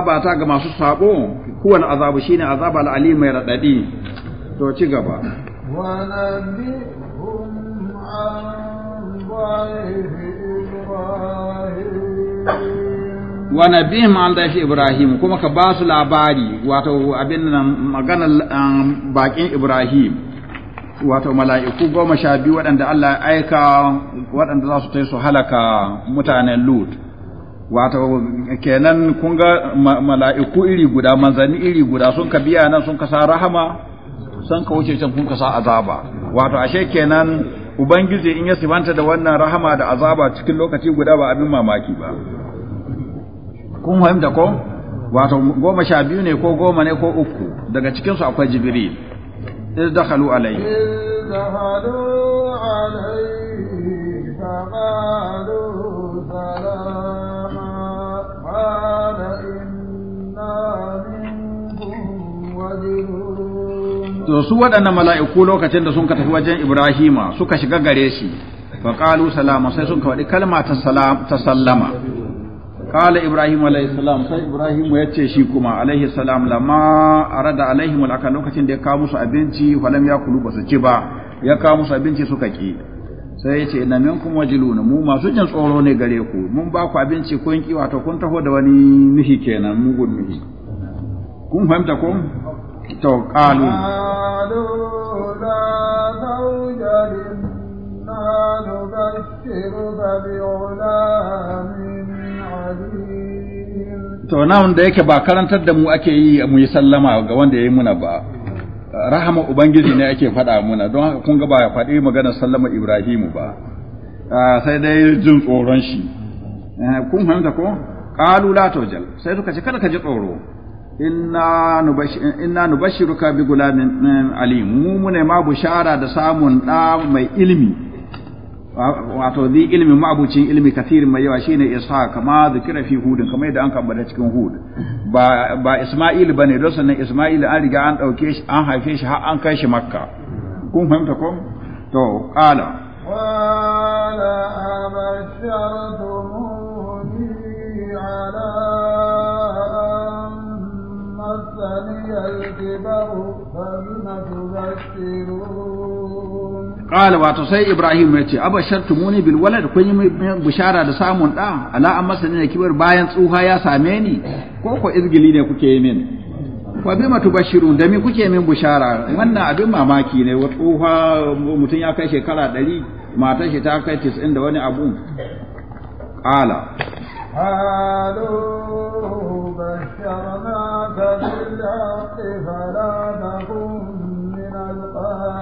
abata ga masu sabo kowane azabu shine azaba al'ali mai raɗaɗi. to ci gaba wa nabihim an daifi ibrahim kuma ka ba su labari wato abin nan maganar um, bakin ibrahim wato mala'iku goma sha biyu waɗanda Allah ya aika waɗanda za su tai su halaka mutanen lut wato kenan kun ga mala'iku iri guda manzanni iri guda sun ka biya nan sun kasa rahama sun ka wuce can kun kasa azaba wato ashe kenan ubangiji in ya sibanta da wannan rahama da azaba cikin lokaci guda ba abin mamaki ba kun fahimta ko wato goma sha biyu ne ko goma ne ko uku daga cikinsu akwai jibril iz dakhalu alayhi iz dakhalu alayhi faqalu salam to su waɗannan mala'iku lokacin da sun ka tafi wajen Ibrahima suka shiga gare shi fa qalu salama sai sun ka kalma ta salam ta sallama qala Ibrahim alayhi salam sai Ibrahim ya ce shi kuma alayhi salam lama arada alaihim alaka lokacin da ya kawo musu abinci falam yakulu basu ci ba ya kawo musu abinci suka ki sai ce ina minkum wajiluna mu masu jin tsoro ne gare ku mun ba ku abinci kun ki wato kun taho da wani nufi kenan mu mugun nufi kun fahimta ko to qalu la tawjalin To nan da yake ba karantar da mu ake yi mu yi sallama ga wanda ya yi muna ba, rahama ubangiji ne ake faɗa muna don haka kun ga ba ya faɗi maganar sallama ibrahimu ba ah, sai dai jin tsoron shi eh, kun hanta ko qalu la tawjal sai suka ce kada ka ji tsoro inna nubashir inna nubashiruka bi gulamin eh, alim mu ne ma bushara da samun da mai ilimi wato zi ilmi ma'abucin ilmi kathirin mai yawa shine isa kama zikira fi hud kamar yadda an kambata cikin hud ba ba isma'il bane don sannan isma'il an riga an dauke shi an haife shi har an kai shi makka kun fahimta ko to qala qala abashartumuni ala masani al-kibaru fa bima qala wato sai ibrahim ya ce abashartumuni bil walad kun yi bishara da samun da ala amma sanin kibar bayan tsuha ya same ni ko ko izgili ne kuke yi min bi bima tubashirun da me kuke min bishara wannan abin mamaki ne wa tsuha mutum ya kai shekara 100 matar shi ta kai 90 da wani abu qala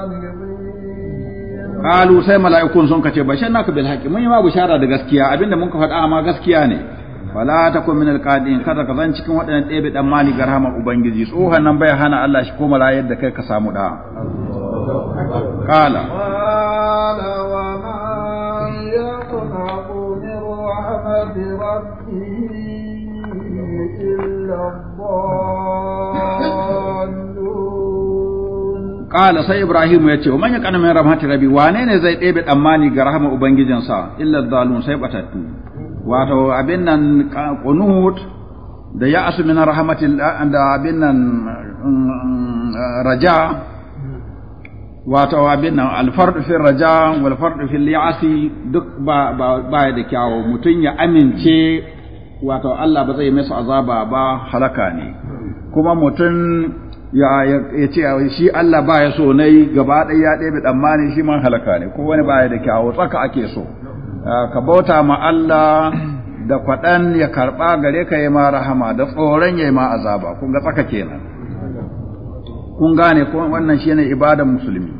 min kalu sai mala'ikun sun kace bashanna ka bil haqi mun yi ma bushara da gaskiya abinda mun ka faɗa ma gaskiya ne fala takun min qadin kada ka zan cikin waɗannan ɗebe dan mali garhama ubangiji tsohon nan bai hana Allah shi ko malayar da kai ka samu da qala Allah qala sai ibrahim ya ce wa man yaqana min rahmatir rabbi wane ne zai ɗebe tsammani ga rahama ubangijinsa illa dalun sai batattu wato abin nan qunut da ya asu min rahmatil da abin nan mm, mm, raja wato abin nan alfardu fil raja wal fardu fil ya'si duk ba ba da kyawo mutun ya amince wato Allah ba zai masa azaba ba halaka ne kuma mutum ya ya ce shi Allah ba ya so nayi gaba ɗaya ya ɗebe tsammani shi man halaka ne ko wani baya da kyawo tsaka ake so ah, ka bauta ma Allah da kwaɗan ya karɓa gare ka yi ma rahama da tsoron ya yi ma azaba kun ga tsaka kenan kun gane ko wannan shi ne ibadan musulmi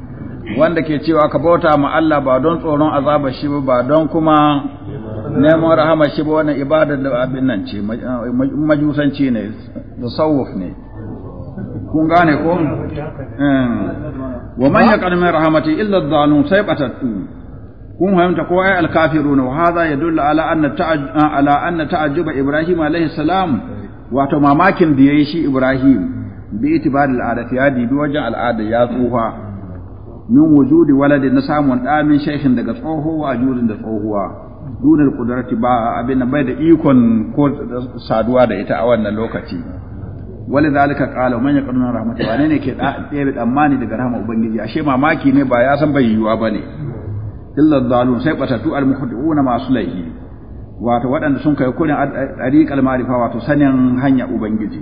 wanda ke cewa ka bauta ma Allah ba don tsoron azaba shi ba don kuma neman rahama shi ba wannan ibadan da abin nan ce majusanci ne da tasawuf ne kun gane ko eh. wa man yaqan min rahmati illa adh-dhalim sai batattu kun fahimta ko ai al-kafirun wa hadha yadullu ala anna ala anna ta'ajjuba ibrahim alayhi salam wato mamakin da yayi shi ibrahim bi itibar al-adat ya dibi wajen al'ada ya tsufa min wujudi waladin na samun da min shaykhin daga tsoho wa ajurin da tsohuwa dunar kudarati ba abin bai da ikon ko saduwa da ita a wannan lokaci wani zalika kala man yaqruna rahmatu wane ne ke ɗebe tsammani daga rahama ubangiji ashe mamaki ne ba ya san bai yiwuwa bane illa zalun sai batatu al muhdiuna masu laifi wato waɗanda sun kai kurin ariqal ma'rifa wato sanin hanya ubangiji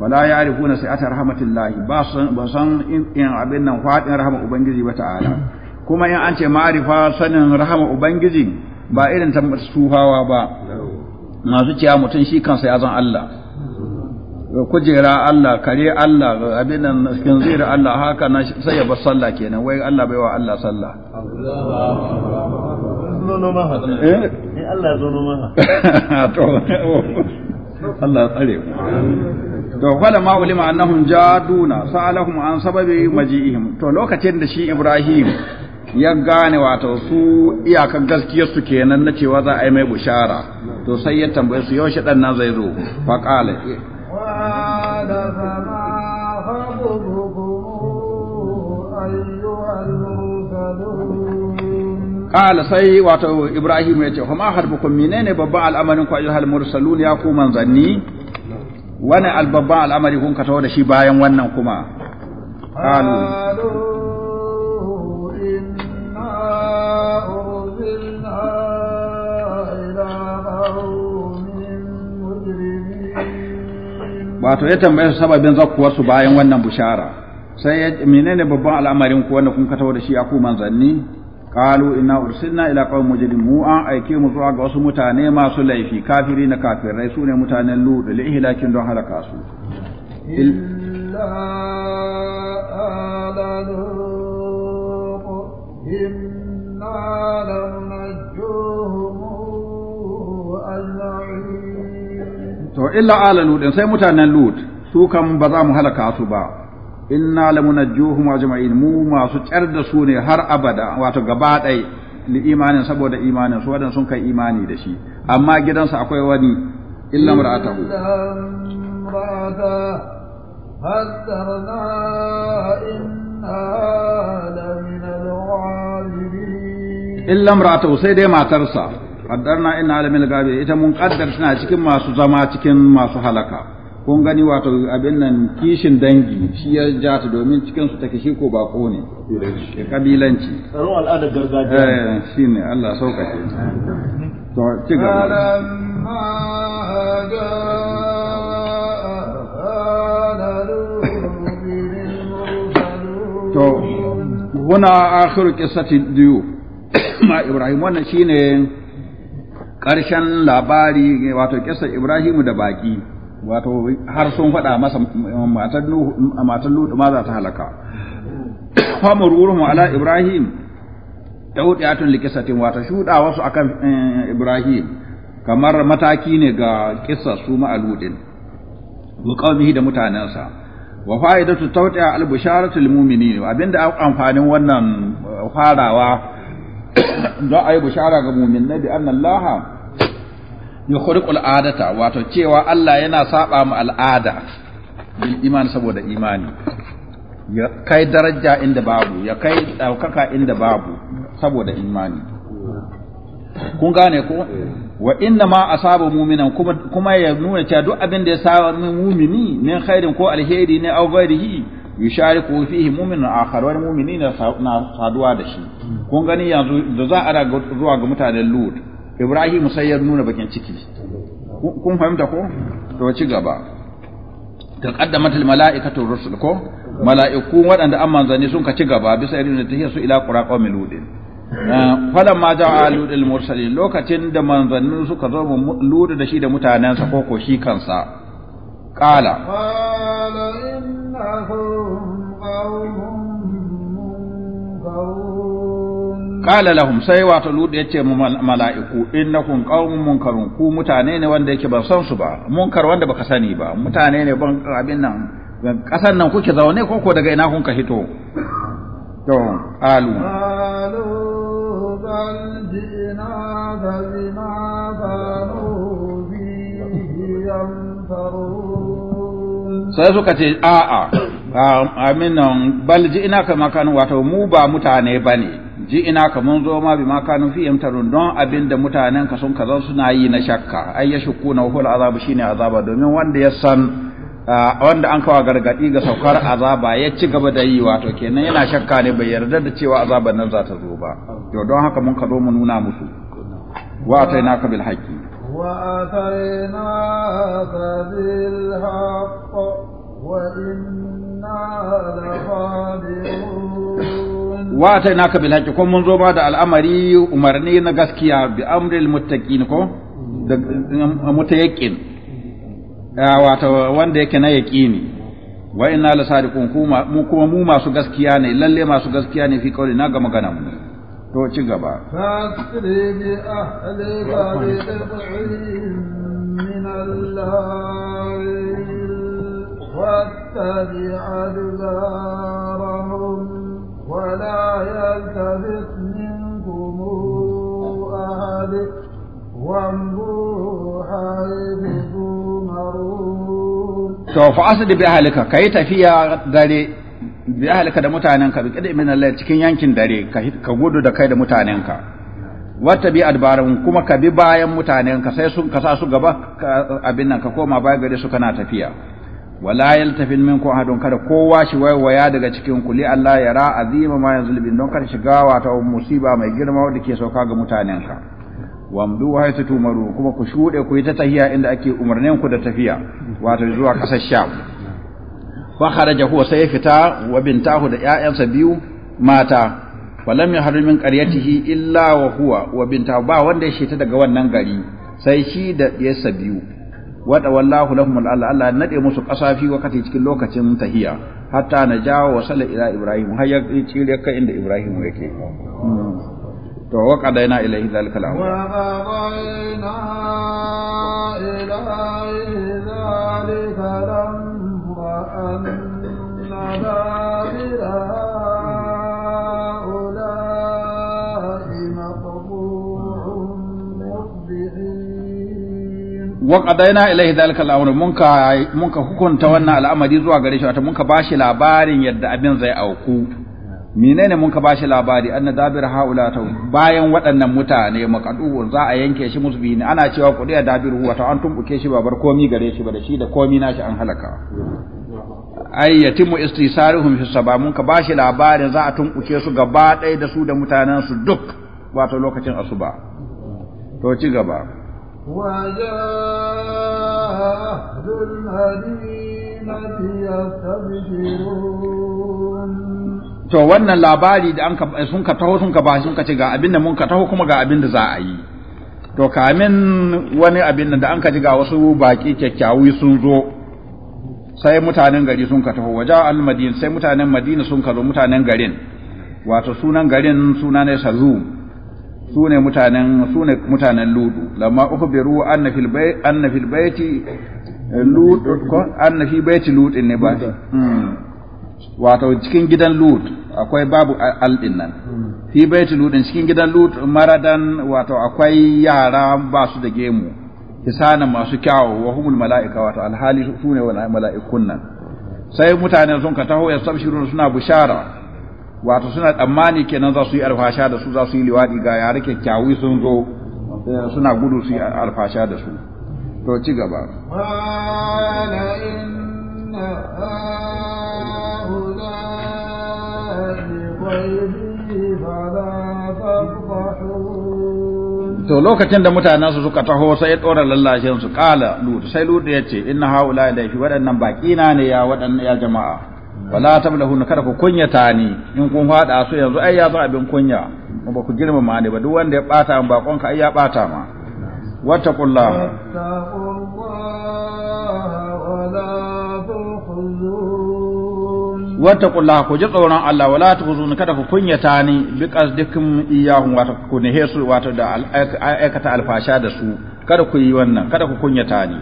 wala ya'rifuna sa'ata rahmatillahi ba san ba san in abin nan fadin rahama ubangiji ba ta'ala kuma in an ce ma'rifa sanin rahama ubangiji ba irin ta sufawa ba masu ciya mutum shi kansa ya zan Allah kujera Allah kare Allah abin nan cikin zira Allah haka na sai ya bar sallah kenan wai Allah bai wa Allah sallah eh? Eh? Allah ya tsare to wala ma ulima annahum jaduna sa'alahum an sababi maji'ihim to lokacin da shi Ibrahim ya gane wato su iyakan gaskiyar su kenan na cewa za a yi mai bushara to sai ya tambaye su yaushe dan nan zai zo fa qala Ƙala sai wato Ibrahim ya ce, "Kuma harbukun menene babban al’amarin kwa ayyuhal mursalun ya ku manzanni, wani al babban al’amari kun ka tawo da shi bayan wannan kuma?" Ƙalu. wato ya tambaye su sababin zakkuwar su bayan wannan bushara sai menene babban al'amarin ku wanda kun katawa da shi a ku manzanni qalu inna ursilna ila qaumin mu an aike mu zuwa ga wasu mutane masu laifi kafiri na kafirai sune mutanen ludu li ihlakin don halaka su illa ala inna to illa ala lut sai mutanen lut su kan ba za mu halaka su ba inna lamunajjuhum ajma'in mu masu tsar da su ne har abada wato gaba dai li imanin saboda imanin su wadan sun kai imani da shi amma gidansa akwai wani illa mar'atahu illa mar'atahu sai dai matarsa qaddarna inna ala min gabi ita mun qaddar tana cikin masu zama cikin masu halaka kun gani wato abin nan kishin dangi shi ya ja ta domin cikin su take shi ko ba ko ne kabilanci tsaron al'adar gargajiya eh shine Allah saukake to ci gaba to huna akhiru qissati diyu ƙarshen labari wato ƙasar Ibrahimu da baƙi wato har sun faɗa masa matan Lutu ma za ta halaka. Famar wurin ala Ibrahim ɗauɗiyatun likisatin wato shuɗa wasu akan eh, Ibrahim kamar mataki ne ga ƙisar su ma'aludin wa ƙaumihi da mutanensa wa fa'idatu tawti'a al-bisharatu lil-mu'minin abinda amfanin wannan eh, farawa da ayi bishara ga mu'minin bi anna Allah yukhriqul adata wato cewa Allah yana saba mu al'ada bil iman saboda imani ya kai daraja inda babu ya kai daukaka inda babu saboda imani kun gane ko wa inna ma asaba mu'minan kuma kuma ya nuna cewa duk abin da ya saba mu'mini min khairin ko alheri ne aw ghairihi yushariku fihi mu'minun akhar wa mu'minina na saduwa da shi kun gani yanzu da za a zuwa ga mutanen lut Ibrahim sai ya nuna bakin ciki kun fahimta ko to ci gaba ta qaddamatul mala'ikatu rusul ko mala'iku waɗanda an manzani sun ka ci gaba bisa irin da su ila qura qaumil ludin eh, falan ma ja'a ludil mursalin lokacin da manzannin suka zo ludu da shi da mutanensa ko ko shi kansa qala qala innahum qaumun qala lahum sai wato lut ya ce mala'iku innakum qaumun munkarun ku mutane ne wanda yake ba san su ba munkar wanda baka sani ba mutane ne ban abin nan kasan nan kuke zaune ko ko daga ina kun ka hito to alu alu bal jina fa bima fanu bi sai suka ce a'a amin nan bal jina kama kan wato mu ba mutane bane ji ina ka mun zo ma ma kanu fi yamtarun don abinda mutanen ka sun kaza suna yi na shakka ai ya na hul azabu shine azaba domin wanda ya san wanda an kawa gargadi ga saukar azaba ya ci gaba da yi wato kenan yana shakka ne bai yarda da cewa azaban nan za ta zo ba to don haka mun ka zo mu nuna musu wa ka bil haqqi wa atainaka bil haqqi wa inna lafadirun wa ta naka bil ko mun zo ba da al'amari umarni na gaskiya bi amril muttaqin ko da mutayaqqin wata wanda yake na yaqini wa inna la sadiqun kuma mu kuma mu masu gaskiya ne lalle masu gaskiya ne fi kauli na ga magana mu to ci gaba واتبع أدبارهم ولا يلتفت منكم أحد وامضوا حيث تؤمرون to fa asdi bi ahlika kai tafiya dare bi ahlika da mutanenka bi kadi min Allah cikin yankin dare ka gudu da kai da mutanenka wata bi adbaran kuma ka bi bayan mutanenka sai sun kasa su gaba abin nan ka koma baya gare su kana tafiya wala yaltafin minkum ahadun kada kowa shi waiwaya daga cikin kuli li Allah ra azima ma yanzu bin don kada shiga wata musiba mai girma wadda ke sauka ga mutanen ka wamdu wa haitu tumaru kuma ku shude ku ta tahiya inda ake umarnin ku da tafiya wato zuwa kasar sham fa kharaja huwa sai fita wa bintahu da ƴaƴansa biyu mata lam yahrim min qaryatihi illa wa huwa wa bintahu ba wanda ya ta daga wannan gari sai shi da ƴaƴansa biyu wada wallahu lahum al'ala Allah nade musu kasafi wakati cikin lokacin tahiya hatta na jawo wa sala ila ibrahim har ya cire kai inda ibrahim yake to wa qadaina ilayhi dhalika al'amr wa qadaina wa anna wa qadaina ilaihi zalika al-amr munka munka hukunta wannan al'amari zuwa gare shi wato munka bashi labarin yadda abin zai auku menene munka bashi labari anna dabir haula ta bayan waɗannan mutane makadu za a yanke shi musbini ana cewa kudi a huwa wato an tumbuke shi babar komi gare shi ba da shi da komi nashi an halaka ai yatimu istisaruhum fi saba munka bashi labarin za a tumbuke su gaba ɗaya da su da mutanen duk wato lokacin asuba to ci gaba وجاء أهل المدينة يستبشرون to wannan labari da sun ka taho sun ka ba sun ka ce ga abin da mun ka taho kuma ga abin da za a yi to kamin wani abin da an ka ji ga wasu baki kyakkyawi sun zo sai mutanen gari sun ka taho waje almadin sai mutanen madina sun ka zo mutanen garin wato sunan garin suna ne sazum sune mutanen sune mutanen ludu lamma ukhbiru anna fil bayt anna fil bayti ludu ko anna fi bayti ludu ne ba hmm. wato cikin gidan lut akwai babu aldin nan hmm. fi bayti ludu cikin gidan lut maradan wato akwai yara ba su da gemu kisana masu kyawu wa humul mala'ika wato alhali sune wala mala'ikun nan sai mutanen sun ka taho ya sabshiru suna bushara wato suna tsammani kenan za su yi alfasha da su za su yi liwaɗi ga yare kyakkyawi sun zo suna gudu su yi alfasha da su to ci gaba to lokacin da mutanen su suka taho sai ya tsora lallashin su kala lutu sai lutu ya ce inna haula da fi waɗannan baƙina ne ya waɗannan ya jama'a wala tablahu kada ku kunyata ni in kun fada su yanzu ai ya zo abin kunya ba ku girmama ne ba duk wanda ya bata an bakon ka ai ya bata ma wata wata wattaqullaha ku ji tsoron Allah wala tuhzun kada ku kunyata ni bi qasdikum iyahu wata ku ne hesu wata da aikata alfasha da su kada ku yi wannan kada ku kunyata ni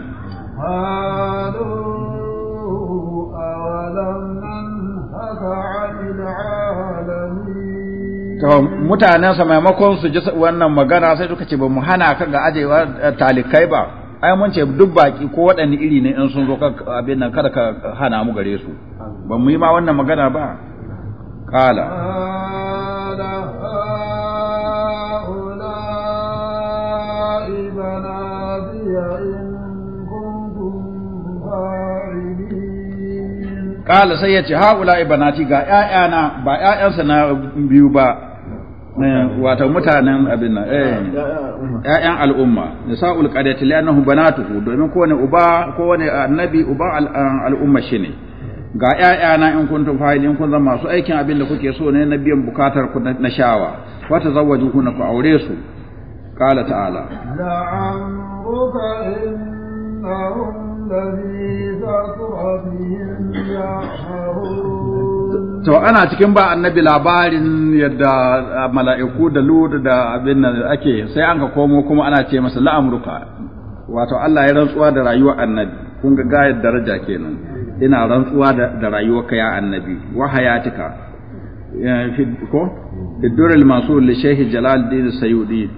to mutanen sa maimakon su ji wannan magana sai suka ce ba mu hana ka ga ajewa eh, talikai ba ai mun ce duk baki ko waɗanne iri ne in sun zo ka abin nan kada ka hana mu gare su ba mu yi ma wannan magana ba kala Kala sai ya ce, Ha'ula ibanati ga ‘ya'yana ba ‘ya'yansa na biyu ba, Eh, wato mutanen abin nan eh ƴaƴan ah, al'umma nisa'ul qaryati li'annahu banatuhu domin kowane uba kowane annabi uba ah, al'umma shine ga ƴaƴa na kun kuntum fa'ilin kun zama su aikin abin da kuke so ne na biyan bukatar ku na shawa fa tazawwaju na ku aure su qala ta'ala la'amruka innahum lafi to ana cikin ba annabi labarin yadda mala'iku da lud da abin nan ake sai an ka komo kuma ana ce masa la'amruka wato Allah ya rantsuwa da rayuwa annabi kun ga gayar daraja kenan ina rantsuwa da rayuwa ka ya annabi wa hayatika ko bidurul masul li shaykh jalaluddin sayyidi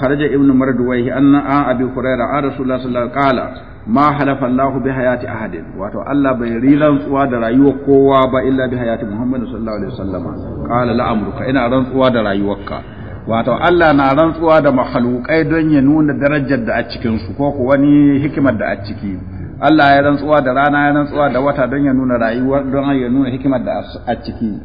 kharaja ibn mardawayhi anna abi hurairah rasulullah sallallahu alaihi wasallam qala ma halafa Allahu bi hayati ahadin wato Allah bai rantsuwa da rayuwar kowa ba illa bi hayati Muhammad sallallahu alaihi wasallama qala la amruka ina rantsuwa da rayuwarka wato Allah na rantsuwa da mahalukai don ya nuna darajar da a cikin su ko wani hikimar da a ciki Allah ya rantsuwa da rana ya rantsuwa da wata don ya nuna rayuwar don ya nuna hikimar da a ciki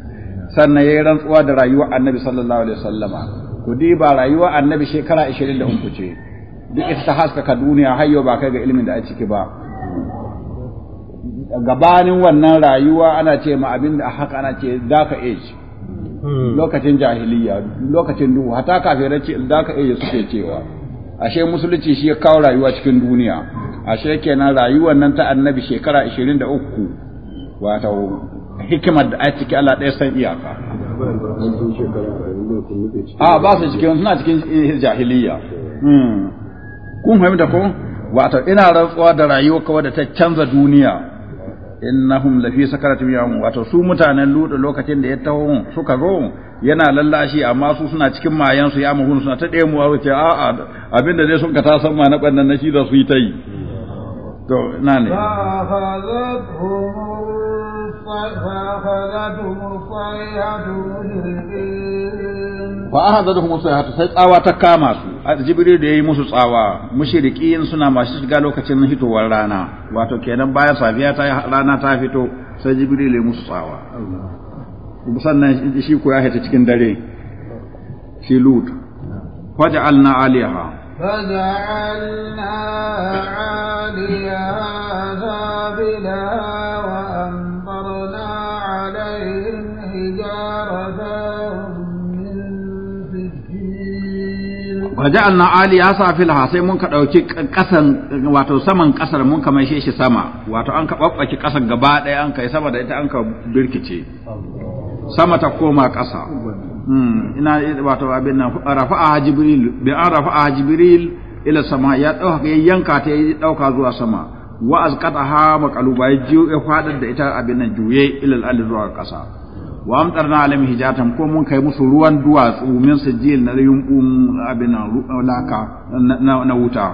sannan ya yi rantsuwa da rayuwar Annabi sallallahu alaihi wasallama ku diba rayuwar Annabi shekara 23 ce duk ita ta haskaka duniya hayyo ba kai ga ilimin da a ciki ba gabanin wannan rayuwa ana ce ma abin da haka ana ce daka age hmm. lokacin jahiliya lokacin duhu hata kafirai ce daka age suke cewa ashe musulunci shi ya kawo rayuwa cikin duniya ashe kenan rayuwar nan ta annabi shekara 23 wato hikimar da a ciki Allah ɗaya san iyaka a ba su cikin suna cikin jahiliya hmm. kun fahimta ko wato ina rantsuwa da rayuwa kawai da ta canza duniya innahum lafi sakaratum yawm wato su mutanen ludo lokacin da ya taho suka zo yana lallashi amma su suna cikin mayan su ya mahun suna ta demu a wuce a a abinda dai sun ka ta san ma na bannan na shi da su yi ta yi to na ne fa da sayhatu sai tsawa ta kama su jibril da yayi musu tsawa mushrikin suna masu shiga lokacin hitowar rana wato kenan bayan safiya ta rana ta fito sai jibril ya musu tsawa sannan shi ko ya hita cikin dare shi lut faj'alna aliha faj'alna aliha waja'alna aliya safilha sai mun ka dauki kasan wato saman kasar mun ka maishe shi sama wato an ka babbaki kasar gaba daya an kai sama da ita an ka birkice sama ta koma kasa hmm, ina wato abin nan rafa'a jibril bi rafa'a jibril ila sama ya dauka ya yanka ta ya dauka zuwa sama wa azqataha maqaluba ya jiyo ya fadar da ita abin nan juye ila al-ardi zuwa kasa wa amtarna alaihim hijatan ko mun kai musu ruwan duwatsu min sijil na yumbun abin laka na wuta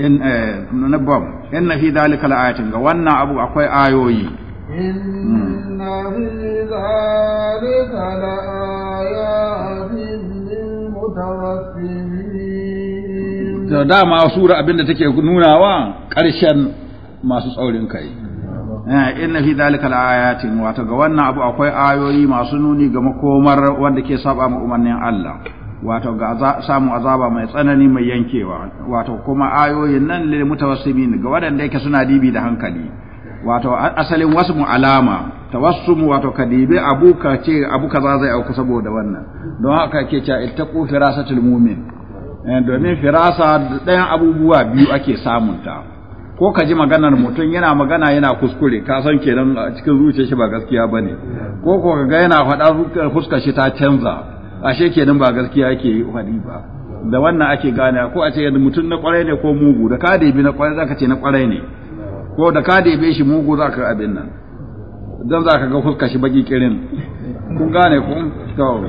in eh, na bam in fi dalika la'ayatin ga wannan abu akwai ayoyi inna fi dalika la'ayatin lil da dama sura abinda take nunawa karshen masu tsaurin kai Eh, inna fi dhalika laayatin wato ga wannan abu akwai ayoyi masu nuni ga makomar wanda ke saba ma umarnin Allah wato ga samu azaba mai tsanani mai yankewa wato kuma ayoyin nan lil mutawassimin ga wadanda yake suna dibi da hankali wato asalin wasmu alama tawassum wato kadibi abuka ce abu kaza zai auku saboda wannan don haka ke cewa ittaqu firasatul mu'min eh, domin firasa ɗayan abubuwa biyu ake samunta ko ka ji maganar mutum yana magana yana kuskure ka san kenan a cikin zuciya shi ba gaskiya bane ko ko ga yana faɗa fuskar shi ta canza ashe kenan ba gaskiya yake faɗi ba da wannan ake gane ko a ce mutum na kwarai ne ko mugu da ka bi na kwarai zaka ce na kwarai ne ko da ka bi shi mugu zaka abin nan dan zaka ga fuskar shi baki kirin kun gane kun to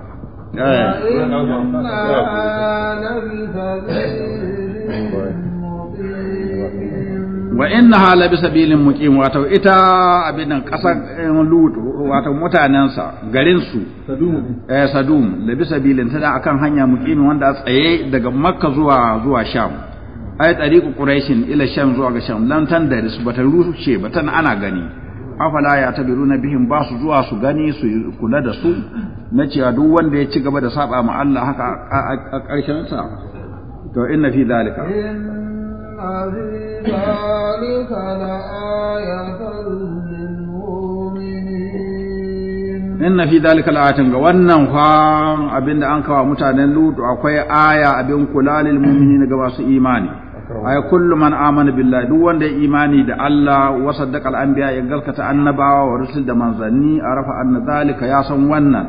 wa inna hala bi sabilin muqim wato ita abin kasar eh, lut wato mutanensa garin su sadum eh sadum la bi tada akan hanya muqim wanda a tsaye daga makka zuwa zuwa sham ay tariqu quraishin ila sham zuwa ga sham lan tandaris da su bata ana gani afala ya na bihin ba su zuwa su gani su kula da su na cewa duk wanda ya ci gaba da saba ma Allah haka a ƙarshen sa to inna fi zalika inna fi zalika la'atin ga wannan fa abinda an kawo mutanen lutu akwai aya abin kula lil muminin ga masu imani ay kullu man amana billahi duk wanda ya imani da Allah wa saddaqa al-anbiya ya galkata annabawa wa rusul da manzanni arafa anna zalika ya san wannan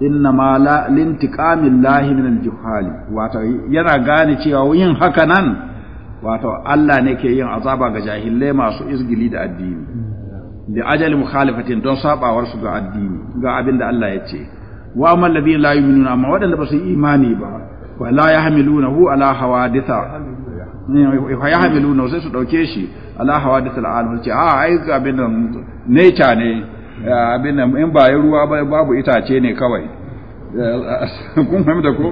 inna ma la lintiqamillahi min al-juhali wato yana gane cewa yin haka nan wato Allah ne ke yin azaba ga jahilai masu izgili da addini da ajali mukhalifatin don sabawar su ga addini ga abin da Allah ya ce wa amma alladhina la yu'minuna amma waɗanda ba su imani ba wa la hu ala hawaditha fa ya hamilu na sai su dauke shi ala hawadith al'alam ce a ai abin nan nature ne abin uh, nan um, in ba ruwa ba babu itace ne kawai uh, kun fahimta ko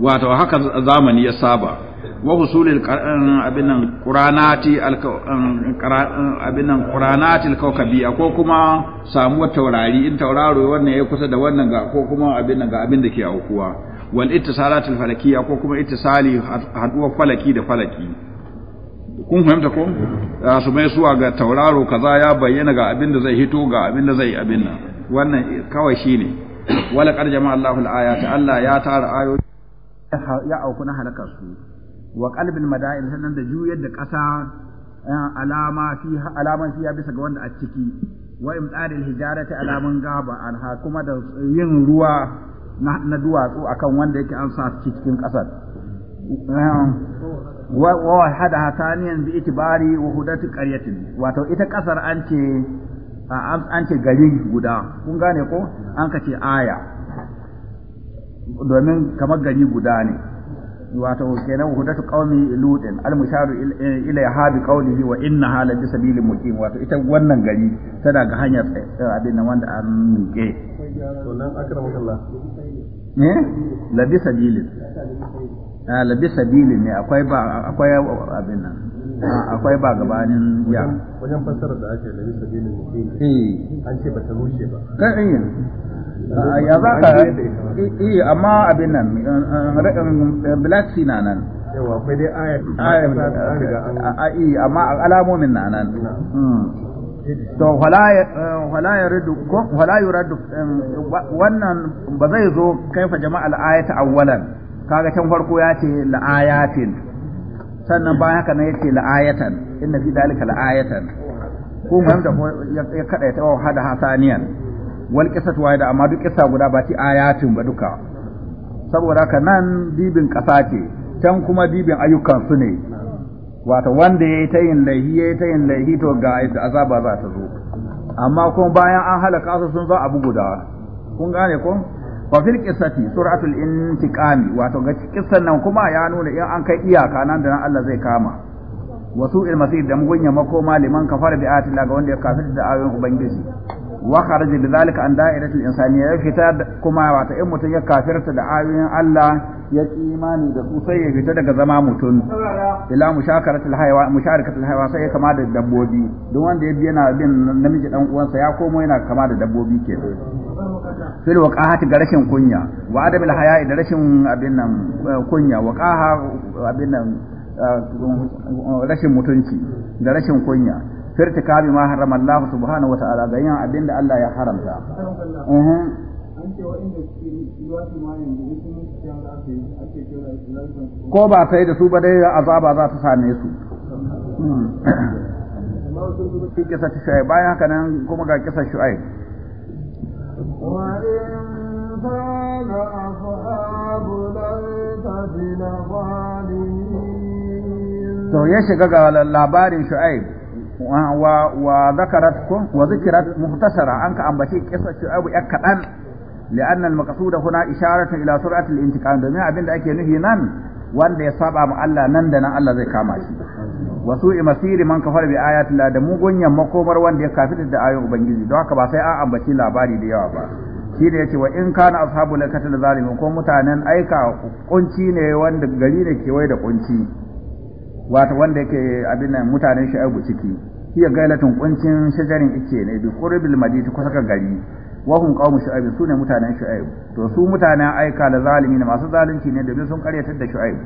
wato haka zamani ya saba wa husulil um, abin nan quranati um, abin nan quranati alkawkabiya ko kuma samuwar taurari in tauraro wannan ya kusa da wannan ga ko kuma abin nan ga abin da ke aukuwa wal al falakiyya ko kuma ittisali haduwar falaki da falaki kun fahimta ko mm-hmm. ah, su mai suwa ga tauraro kaza ya bayyana ga abin da zai hito ga abin da zai abin nan wannan kawai shine wala qad jama'a Allahu al ayati Allah ya tara ayoyi ya auku na halakar su wa qalbil mada'in sannan da juyar da kasa eh, alama fi alaman fiya bisa ga wanda a ciki wa hijara hijarati alaman gaba alha kuma da yin ruwa na duwatsu akan wanda yake an sa cikin ƙasar ehm, wa hada hataniyan bi itibari wa hudati qaryatin wato ita kasar an ce an ce gari guda kun gane ko an ka ce aya domin kamar gari guda ne wato kenan hudatu qaumi ludin almusharu ilaiha bi qawlihi wa inna hala bi sabilin muqim wato ita wannan gari tana ga hanya abin nan wanda an miƙe to labi sabilin ah, akwai ba akwai abin nan ya za ka yi amma abin nan eh, eh, sea na nan amma alamomin na nan hmm. to wala ya eh, wannan ba zai zo kaifa jama'a al'ayata awwalan kaga can farko ya ce la'ayatin sannan bayan haka na ya ce la'ayatan inda fi dalika la'ayatan ko mun da ya kada tawo hada hasaniyan wal waye da amma duk ƙasa guda ba ci ayatin ba duka saboda haka nan bibin ƙasa ce can kuma dibin ayyukan su ne wato wanda yi ta yin laihi yi ta yin laihi to ga azaba za ta zo amma kuma bayan an halaka su sun zo abu guda kun gane ko wa fil ce suratul intiqami wato ga kissan nan kuma ya nuna in an kai iyaka nan da nan Allah zai kama wasu il masir da mugunya makoma liman kafara bi ayati Allah ga wanda ya kafir da ayoyin ubangiji wa kharaja bidhalika an da'iratil insaniya ya fita kuma wata in mutum ya kafirta da ayoyin Allah ya ki imani da su sai ya fita daga zama mutum ila mushakaratil haywa musharakatil haywa sai ya kama da dabbobi duk wanda ya bi yana bin namiji dan uwansa ya komo yana kama da dabbobi ke fil waqahati ga rashin kunya wa adamil haya da rashin abin nan eh, kunya waqaha abin nan eh, rashin mutunci da rashin kunya firtika bi ma harrama Allah subhanahu wa ta'ala ga yin abin da Allah ya haramta eh ko ba sai da su ba dai azaba za ta same su fi kisa shu'ai bayan haka nan kuma ga kisa shu'ai كان أصحاب ليس في to ya shiga ga labarin shu'aib wa wa zakarat kun wa zikirat muhtasara an ka ambaci kisa ce abu ya kadan لأن المقصود هنا إشارة إلى سرعة الانتقام domin abin da ake nufi nan wanda ya saba ma Allah nan da nan Allah zai kama shi wasu masiri man kafar bi ayati la da mugun makomar wanda ya kafir da ayoyin ubangiji don haka ba sai an ambaci labari da yawa ba shi da yace wa in kana ashabul katil zalimin ko mutanen aika kunci ne wanda gari ne kewaye da kunci wato wanda yake abin nan mutanen sha'abu ciki hiya gailatun kuncin shajarin ice ne bi qurbil madina kusa ga gari wa hum qaumu shu'aib sune mutanen shu'aib to su mutanen aika da zalimi ne masu zalunci ne domin sun karyatar da shu'aib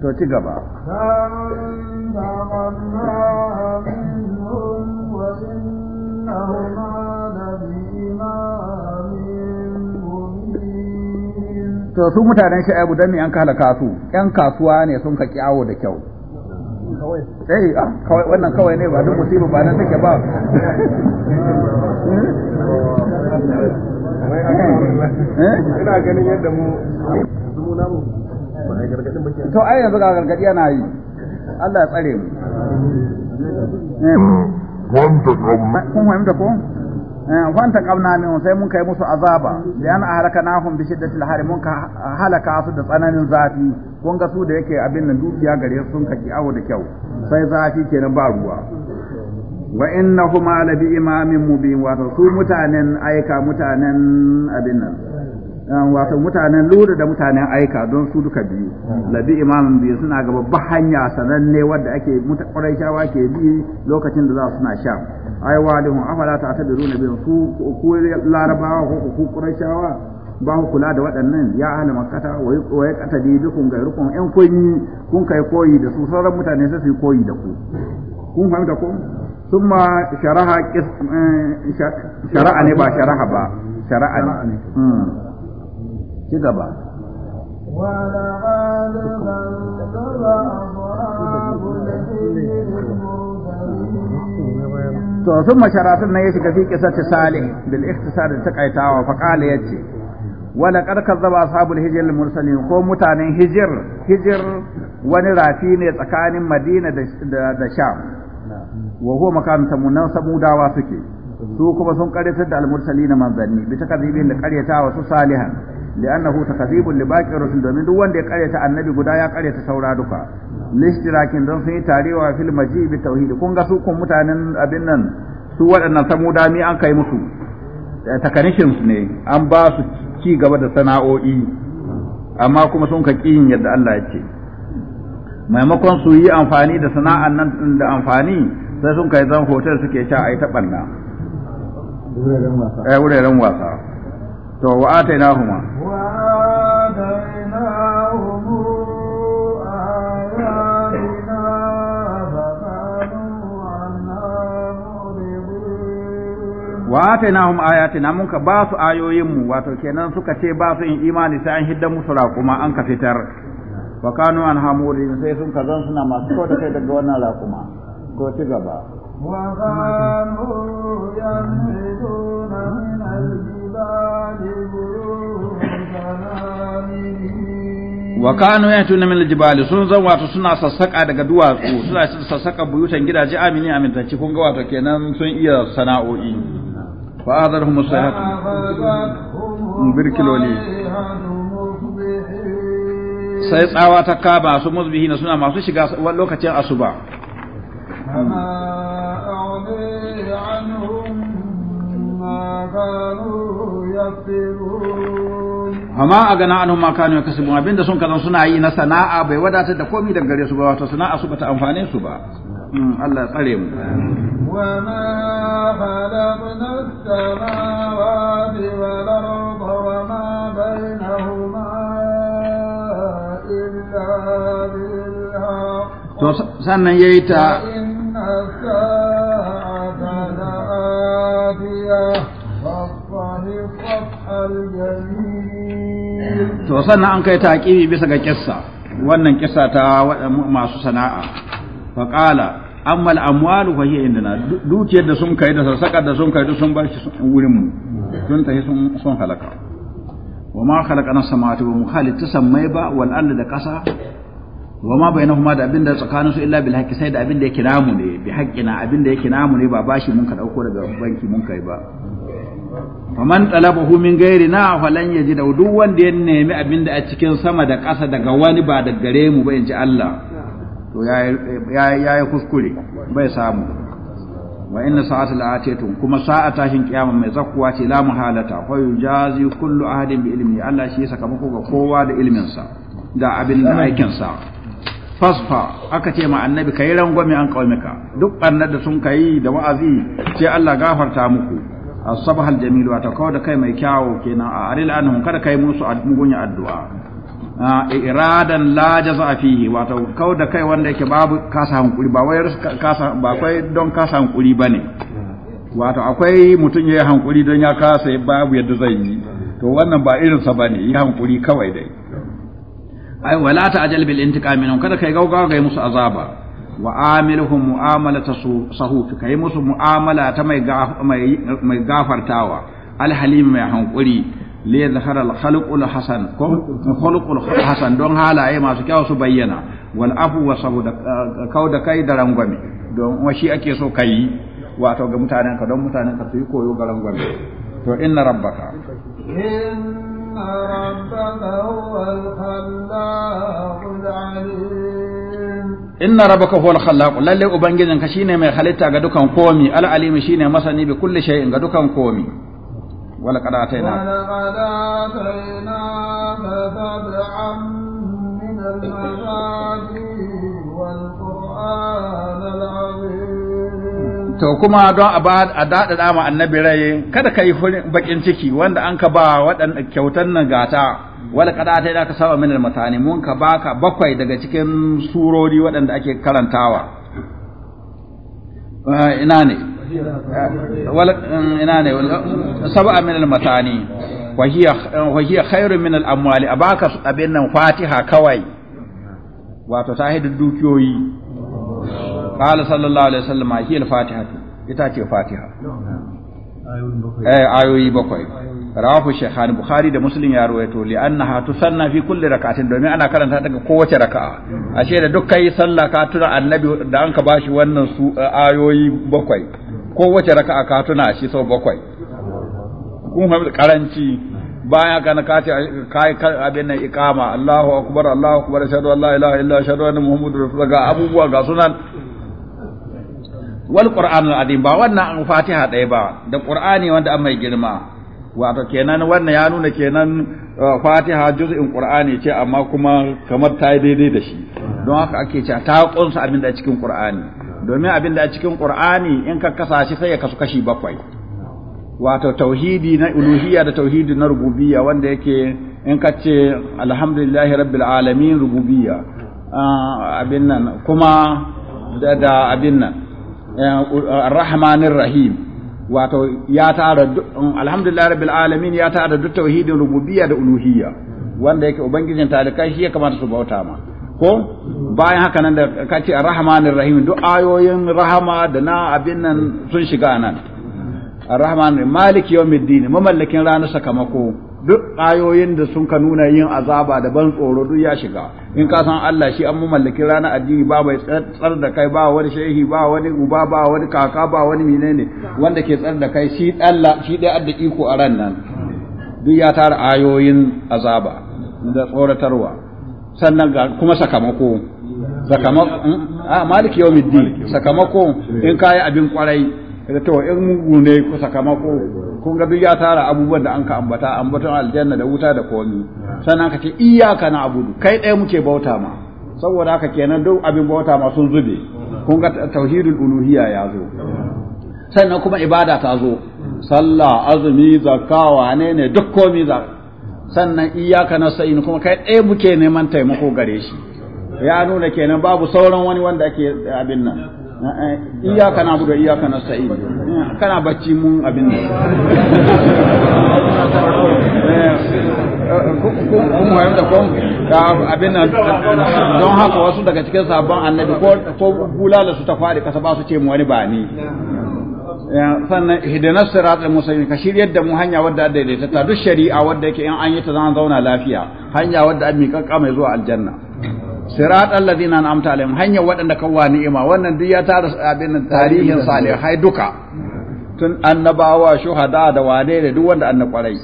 to ci gaba to su mutanen shu'aib dan me an halaka su yan kasuwa ne sun ka kiyawo da kyau eh ah, kawai wannan kawai ne ba duk musiba ba nan take ba hmm? eh? ina ganin yadda mu mu namu to ai yanzu ga gargadi yana yi tsare mu hmm. eh. kun fahimta ko fanta eh, qabna min sai mun kai musu azaba da lian nahum bi shiddatil har mun ka halaka su da tsananin zafi kun ga su da yake abin nan dukiya gare su sun kaki awo da kyau sai zafi ke kenan ba ruwa wa innahuma la bi imamin mubin wa su mutanen aika mutanen abin nan wato mutanen lura da mutanen aika don su duka biyu hmm. labi imamin biyu suna ga babban hanya sananne wadda ake kwarai shawa ke bi lokacin da za su na sha ai walihun afala ta ta biru na biyu su ku larabawa ko ku kwarai shawa ba ku kula da waɗannan ya ahli makkata wa ya kata bi dukun ga rukun in kun yi kun kai koyi da su sauran mutane sai su yi koyi da ku kun fahimta ko ثم شرح شرع ne ba شرح ba ne hmm. ci gaba ولقد كذب أصحاب to sun masharatun na ya shiga fi kisati salih bil ikhtisar da takaitawa fa qala yace wala qad kazzaba ashabul hijr al ko mutanen hijir hijir wani rafi ne tsakanin madina da Sha, sham wa huwa makan samunan samudawa suke su kuma sun ƙaryatar da al mursalin manzanni bi takazibin da karyatawa su salihan li'annahu takzibun li baqi rusul domin duk wanda ya karyata annabi guda ya ta saura duka lishtirakin don sun yi tarewa fil majibi tauhidi kun ga su kun mutanen abin nan su waɗannan samudami an kai musu takanishin ne an ba su ci gaba da sana'o'i amma kuma sun ka yadda Allah ya ce maimakon su yi amfani da sana'an nan da amfani sai sun kai zan hotel suke sha a yi ta wuraren wasa to wa huma wa huma ayatina mun ka ba su ayoyinmu wato kenan suka ce ba su in imani sai an hidda musu raƙuma an ka fitar wa kanu an hamuri sai sun ka zan suna masu kau da kai daga wannan raƙuma ko ci gaba wa kanu yanzu na min wa kanu yatuna min aljibal sun zan wato suna sassaka daga duwatsu suna sassaka buyutan gidaje amini amintacci kun ga wato kenan sun iya sana'o'i fa azarhum sayhat birkiloli sai tsawa ta kaba su na suna masu shiga lokacin asuba amma a gana anu makanu ya kasu abin da sun kazan suna yi na sana'a bai wadatar da komi da gare su ba wato sana'a su bata amfane su ba hmm, Allah tsare mu yayi ta to sannan an kai taƙibi bisa ga kissa wannan kissa ta masu sana'a Fa kala amma al'amwalu fa hiya indana dukiyar da sun kai da sassaƙar da sun kai da sun bashi wurin mu tun tafi sun halaka wa ma khalaqa nas samawati wa mukhalitu sammai ba wal ardi da ƙasa wa ma bainahuma da abinda tsakanin su illa bil haqqi sai da abinda yake namu ne bi haqqina abinda yake namu ne ba bashi mun ka dauko daga banki mun kai ba man talabahu min ya falan da duk wanda ya nemi abinda a cikin sama da ƙasa daga wani ba da gare mu ba inji Allah to ya ya kuskure bai samu wa inna sa'ata la'atatun kuma sa'a tashin kiyama mai zakkuwa ce la muhalata fa yujazi kullu ahadin bi ilmi Allah shi ya sakamako ga kowa da ilmin da abin da aikin sa fasfa aka ce ma annabi kai rangwame an kaumika duk annabi sun kai da wa'azi ce Allah gafarta muku as jamil wa takaw da kai mai kyawo kenan a aril hun kada kai musu mugunya addu'a iradan la jaza fihi wa kau da kai wanda yake babu kasa hankuri ba wai kasa ba kai don kasa hankuri bane wato akwai mutum ya yi hankuri don ya kasa babu yadda zai yi to wannan ba irinsa ba ne yi hankuri kawai dai ay wala ta'jal bil intiqami nan kada kai gaugawa kai musu azaba wa amiluhum mu'amalata sahuf kai musu mu'amala ta mai mai gafartawa al halim mai hankuri li yadhhar al khalqul hasan ko khalqul hasan don halaye masu kyau su bayyana wal afu wa sabu sahuda eh, kauda kai da rangwame don washi ake so kai wato ga mutanen ka don mutanen ka su yi koyo ga rangwame to inna rabbaka inna rabbaka huwal khallaq lalle ubangijin ka shine mai halitta ga dukan komi al shine masani bi kulli shay'in ga dukan komi wala qad ataina wala qad ataina sab'an min al wal qur'an al to kuma don a ba a daɗa dama annabi rai kada ka yi bakin ciki wanda an ka ba waɗanda kyautar nan gata wala kada ta da ka saba min matani mun ka baka bakwai daga cikin surori waɗanda ake karantawa eh, ina ne eh, wala eh, ina ne saba min matani wa hiya wa hiya khairun min al amwali abaka abin nan fatiha kawai wato ta dukiyoyi قال صلى الله عليه وسلم هي ita ce fatiha ayoyi bakwai rawahu bukhari da muslim ya ruwaito li annaha tusanna fi kulli rak'atin domin ana karanta daga kowace raka'a ashe da duk kai sallah ka tuna annabi wannan su ayoyi bakwai kowace raka'a ka tuna shi sau bakwai kun fahimta karanci baya ka na kace kai abin nan iqama Allahu akbar Allahu akbar shahadu an la ilaha illa shahadu anna muhammadur rasulullah abubuwa ga sunan wal qur'anul azim ba wannan an fatiha ɗaya ba da qur'ani wanda an mai girma wato kenan wannan ya nuna kenan uh, fatiha juz'in qur'ani ce amma kuma kamar ta daidai da shi don haka ake cewa ta kunsa abin da a cikin qur'ani domin abin da a cikin qur'ani in ka kasa shi sai ya kasu kashi bakwai wato tauhidi na uluhiyya da tauhidi na rububiyya wanda yake in ka ce alhamdulillahi rabbil alamin rububiyya uh, abin nan kuma da abin nan Eh, Ar-Rahmanir Rahim wato ya tara um, alhamdulillah rabbil alamin ya tara duk tauhidin rububiyya da uluhiyya wanda yake ubangijin talikai shi ya kamata su bauta ma ko bayan haka nan da kace Ar-Rahmanir Rahim duk ayoyin rahama da na abin nan sun shiga nan Ar-Rahman Malik Yawmiddin mamallakin ranar sakamako duk ayoyin da sun ka nuna yin azaba da ban tsoro duk ya shiga in ka san Allah shi an mallaki ranar addini ba mai tsar da kai ba wani shehi ba wani uba ba wani kaka ba wani menene wanda ke tsar da kai shi Allah shi dai adda iko a ran nan duk ya tara ayoyin azaba da tsoratarwa sannan ga kuma sakamako sakamako hmm? a maliki yawmiddin sakamako in kai abin kwarai to in ne sakamako kun ga duk tara abubuwan da an ka ambata ambaton aljanna da wuta da komi sannan ka ce iyyaka na'budu kai ɗaya muke bauta ma saboda haka kenan duk abin bauta ma sun zube kun ga tauhidul uluhiyya ya zo sannan kuma ibada ta zo sallah azumi zakawa ne ne duk komi za sannan iyyaka nasta'in kuma kai ɗaya muke neman taimako gare shi ya nuna kenan babu sauran wani wanda ake abin nan iyaka na buda iyaka na sa'i kana bacci mun abin nan eh, kun wayar da kun abin nan don haka wasu daga cikin sabon annabi ko bulala su ta fari kasa ba su ce mu wani ba ni eh, sannan hidinas sirat al-mustaqim ka shiryar da mu hanya wadda daidaita ta duk shari'a wadda yake in an yi ta zan zauna lafiya hanya wadda abin miƙaƙa mai zuwa aljanna sirat ladina an'amta alaihim hanyar waɗanda kawwa ni'ima wannan duk ya tara abin tarihin salihai duka tun annabawa shuhada da wane da duk wanda annab kwarai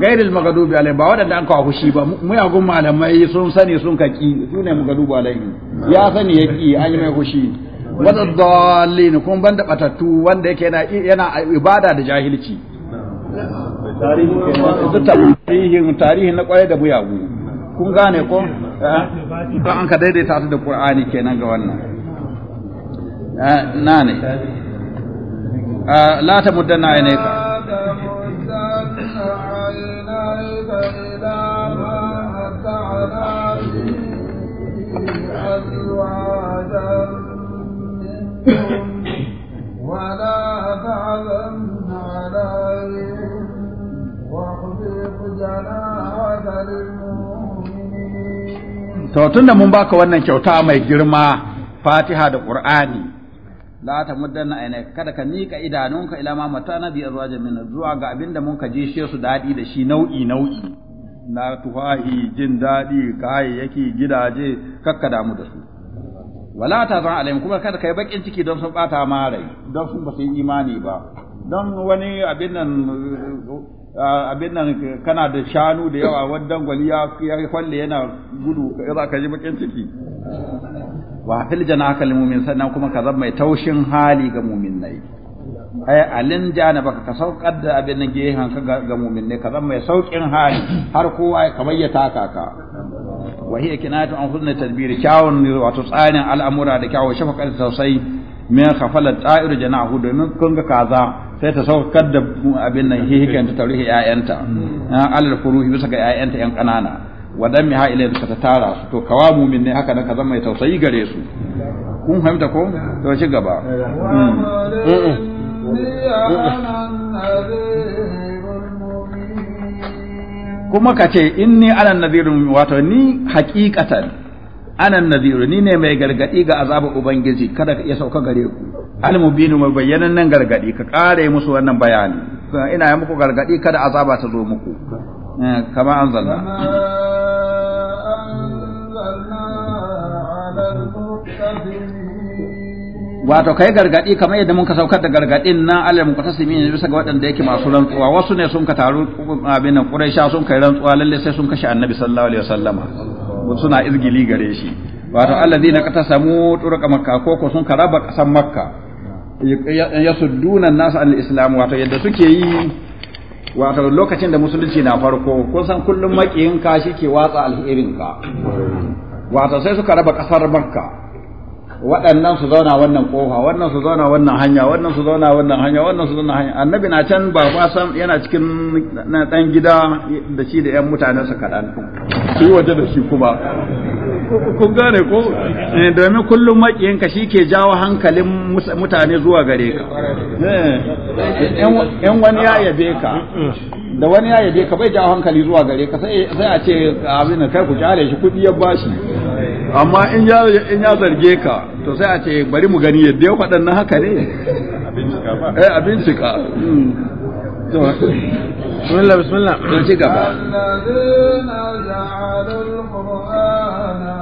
gairil magadubi alaihim ba waɗanda an kawo fushi ba muyagun malamai sun sani sun kaki su ne magadubi alaihim ya sani ya ki an yi mai fushi wanda dallin kun banda batattu wanda yake yana yana ibada da jahilci tarihin tarihin na kwarai da muyagun. kun gane ko eh. to an ka daidaita ta da qur'ani kenan ga wannan eh, na ne eh, la ta n'e ka. to da mun baka wannan kyauta mai girma fatiha da Ƙur'ani, la ta muddan aina kada ka mika idanunka ila ma matana bi azwajin min zuwa ga abinda mun ka jishe su dadi da shi nau'i nau'i na tuhahi jin dadi kayayyaki gidaje kakka damu da su wala ta zan alaikum kuma kada kai bakin ciki don sun bata ma rai don sun ba su yi imani ba don wani abin nan kana da shanu da yawa wadda gwali ya kwalle yana gudu za ka ji bakin ciki wa fil janaka lil mu'min sannan kuma ka zama mai taushin hali ga mumin mu'minnai ai alin jana baka ka saukar da abin nan gehen ka ga mumin ne, ka zama mai saukin hali har kowa ya kamayyata ka ka wa hiya kinatu an husnul tadbir kyawun wato tsarin al'amura da kyawun shafaqar tausayi min khafala ta'ir janahu domin kun ga kaza sai ta saukar da abin nan hihikan ta tarihi ƴaƴanta mm. ah, alal furuhi bisa ga ƴaƴanta yan kanana wa dan miha ilayhi suka ta tara su to kawa mumin ne haka nan ka zama mai tausayi gare su kun fahimta ko to ci gaba mm. Mm. kuma ka ce inni ala nadirin wato ni haƙiƙatan anan Naziru ni ne mai gargadi ga azabar ubangiji kada ya sauka gare ku almubinu mai bayyanan nan gargadi ka kare musu wannan bayani ina yi muku gargadi kada azaba ta zo muku eh, kama anzalna wato kai gargadi kamar yadda muka saukar da gargadin nan alal muqtasimin bisa ga waɗanda yake masu rantsuwa wasu ne sun ka taru abin nan quraisha sun kai rantsuwa lalle sai sun kashe annabi sallallahu alaihi wasallama suna izgili gare shi wato allazina qatasamu turqa makka ko ko sun karaba kasan makka ya sudduna nasu al-islam wato yadda suke yi wato lokacin da musulunci na farko kun san kullum makiyin ka ke watsa alherin ka wato sai suka raba kasar makka waɗannan su zauna wannan kofa wannan su zauna wannan hanya wannan su zauna wannan hanya wannan su zauna hanya annabi na can ba ba san yana cikin na dan gida da shi da yan mutanen sa kadan shi waje da shi kuma kun gane ko eh, domin kullum maƙiyinka shi ke jawo hankalin mutane zuwa gare ka eh, in wani ya yabe ka da wani ya yabe ka bai jawo hankali zuwa gare ka sai a ce abin da kai ku jale shi kuɗi ya bashi amma in ya in ya zarge ka to sai a ce bari mu gani yadda ya faɗan na haka ne a bincika ba eh a bincika hmm. بسم الله بسم الله الذين جعلوا القرآن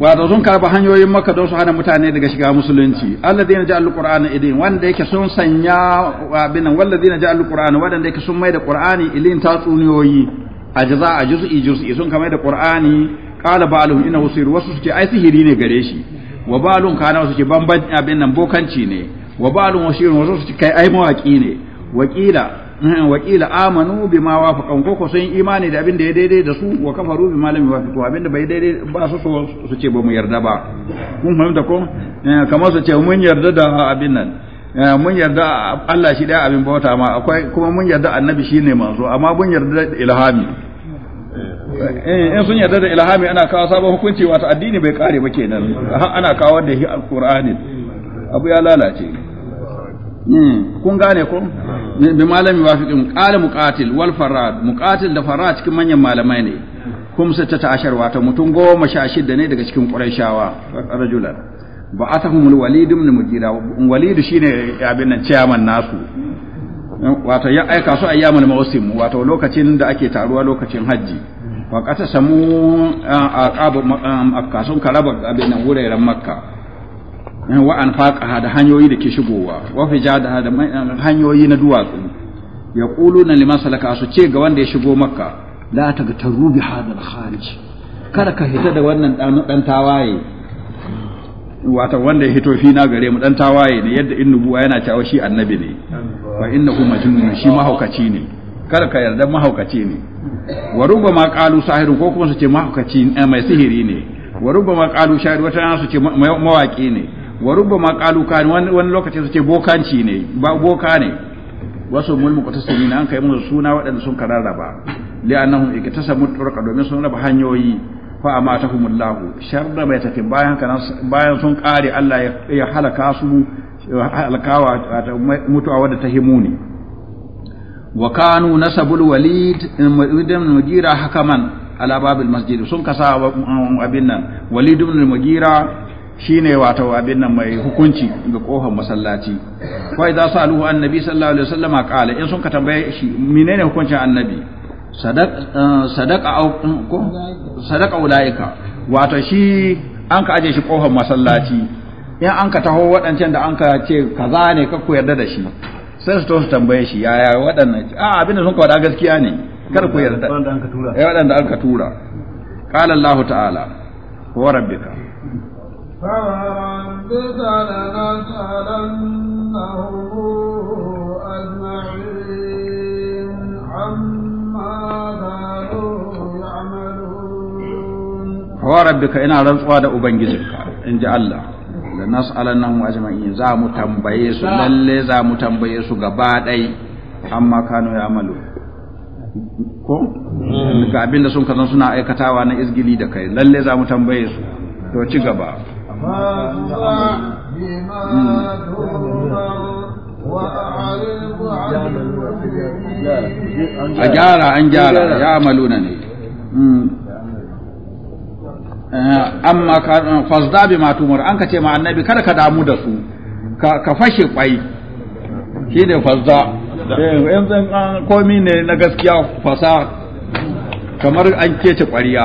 wato sun karba hanyoyin maka don su hana mutane daga shiga musulunci Allah alladheena ja'alul qur'ana idin wanda yake sun sanya abin nan walladheena ja'alul qur'ana wanda yake sun mai da qur'ani ilin tatsuniyoyi ajza a juz'i juz'i sun kamar da qur'ani qala ba'alum inna sir wasu suke ai sihiri ne gare shi wa ba'alun kana wasu suke bambanci abin nan bokanci ne wa ba'alun wasir wasu suke kai ai mawaki ne wakila eh, wakila amanu bima wafaqan ko sun imani da abin da ya daidai da su wa kafaru bima lam yuwafiqu abin da bai daidai ba su so su ce ba mu yarda ba kun fahimta ko eh, kamar su ce mun yarda da abin nan eh, mun yarda Allah shi daya abin bauta ma akwai kuma mun yarda annabi shi ne manzo amma mun yarda da ilhami in sun yarda da ilhami ana kawo sabon hukunci wato addini bai kare ba kenan ana kawo da alqur'ani abu ya lalace kun gane ko bi malami wafiqin qala muqatil wal farad muqatil da farad cikin manyan malamai ne kum sita ta wato mutum goma sha shidda ne daga cikin quraishawa rajulan atahum al walid ibn mujira walid shine abin nan chairman nasu wato ya aika su ayyamul mawsim wato lokacin da ake taruwa lokacin haji wa qata samu aqab sun karaba abin nan wuraren makka wa an faqa da hanyoyi da ke shigowa wa jada da hanyoyi na duwatsu na liman salaka su ce ga wanda ya shigo makka la tagtaru hada hadal kharij kada ka hita da wannan dan dan tawaye wato wanda ya hito fina gare mu dan tawaye ne yadda in nubuwa yana cewa shi annabi ne wa innahu majnun shi mahaukaci ne kada ka yarda mahaukaci ne wa rubama qalu sahirun ko kuma su ce mahaukaci eh, mai sihiri ne wa rubama qalu sha'ir wata su ce mawaki ne wa rubbama qalu kan wani lokacin su ce bokanci ne ba boka ne wasu mulmu qatasimina an kai musu suna waɗanda sun kararraba li'annahum iktasamu turqa domin sun raba hanyoyi fa amatahumullahu sharra bai tafi bayan kana bayan sun kare Allah ya halaka su halakawa mutuwa wadda ta himuni wa kanu nasabul walid ibn mugira hakaman ala babil masjid sun kasa abin nan walid ibn mugira Shi ne wato abin nan mai hukunci ga kofar masallaci za su aluhu annabi sallallahu alaihi wasallama kala in sun ka tambaye shi menene hukuncin annabi sadaka eh, sadaqa au eh, ulaika wato shi an ka aje shi kofar masallaci in an ka taho waɗancan da an ka ce kaza ne ka ku yarda da shi sai su to su tambaye shi yaya waɗannan a abin da sun ka wada gaskiya ne kar ku yarda waɗanda an ka tura eh, qala allah ta'ala wa rabbika Rabbika ina rantsuwa da Ubangijinka, in ji Allah, da ده أبنجزك إن da za mu tambaye su lalle za mu tambaye su gaba ɗai amma Kano ya amalu ko ga abinda sun kazan suna aikatawa na izgili da kai lalle za mu tambaye su to ci gaba فاصدع بما a gyara an gyara ya amaluna ne hmm. eh, amma fasda bi matumar an ka ce ma annabi kada ka damu da su ka fashe kwai shi ne fasda eh, ah, komi ne na gaskiya fasa kamar an kece kwariya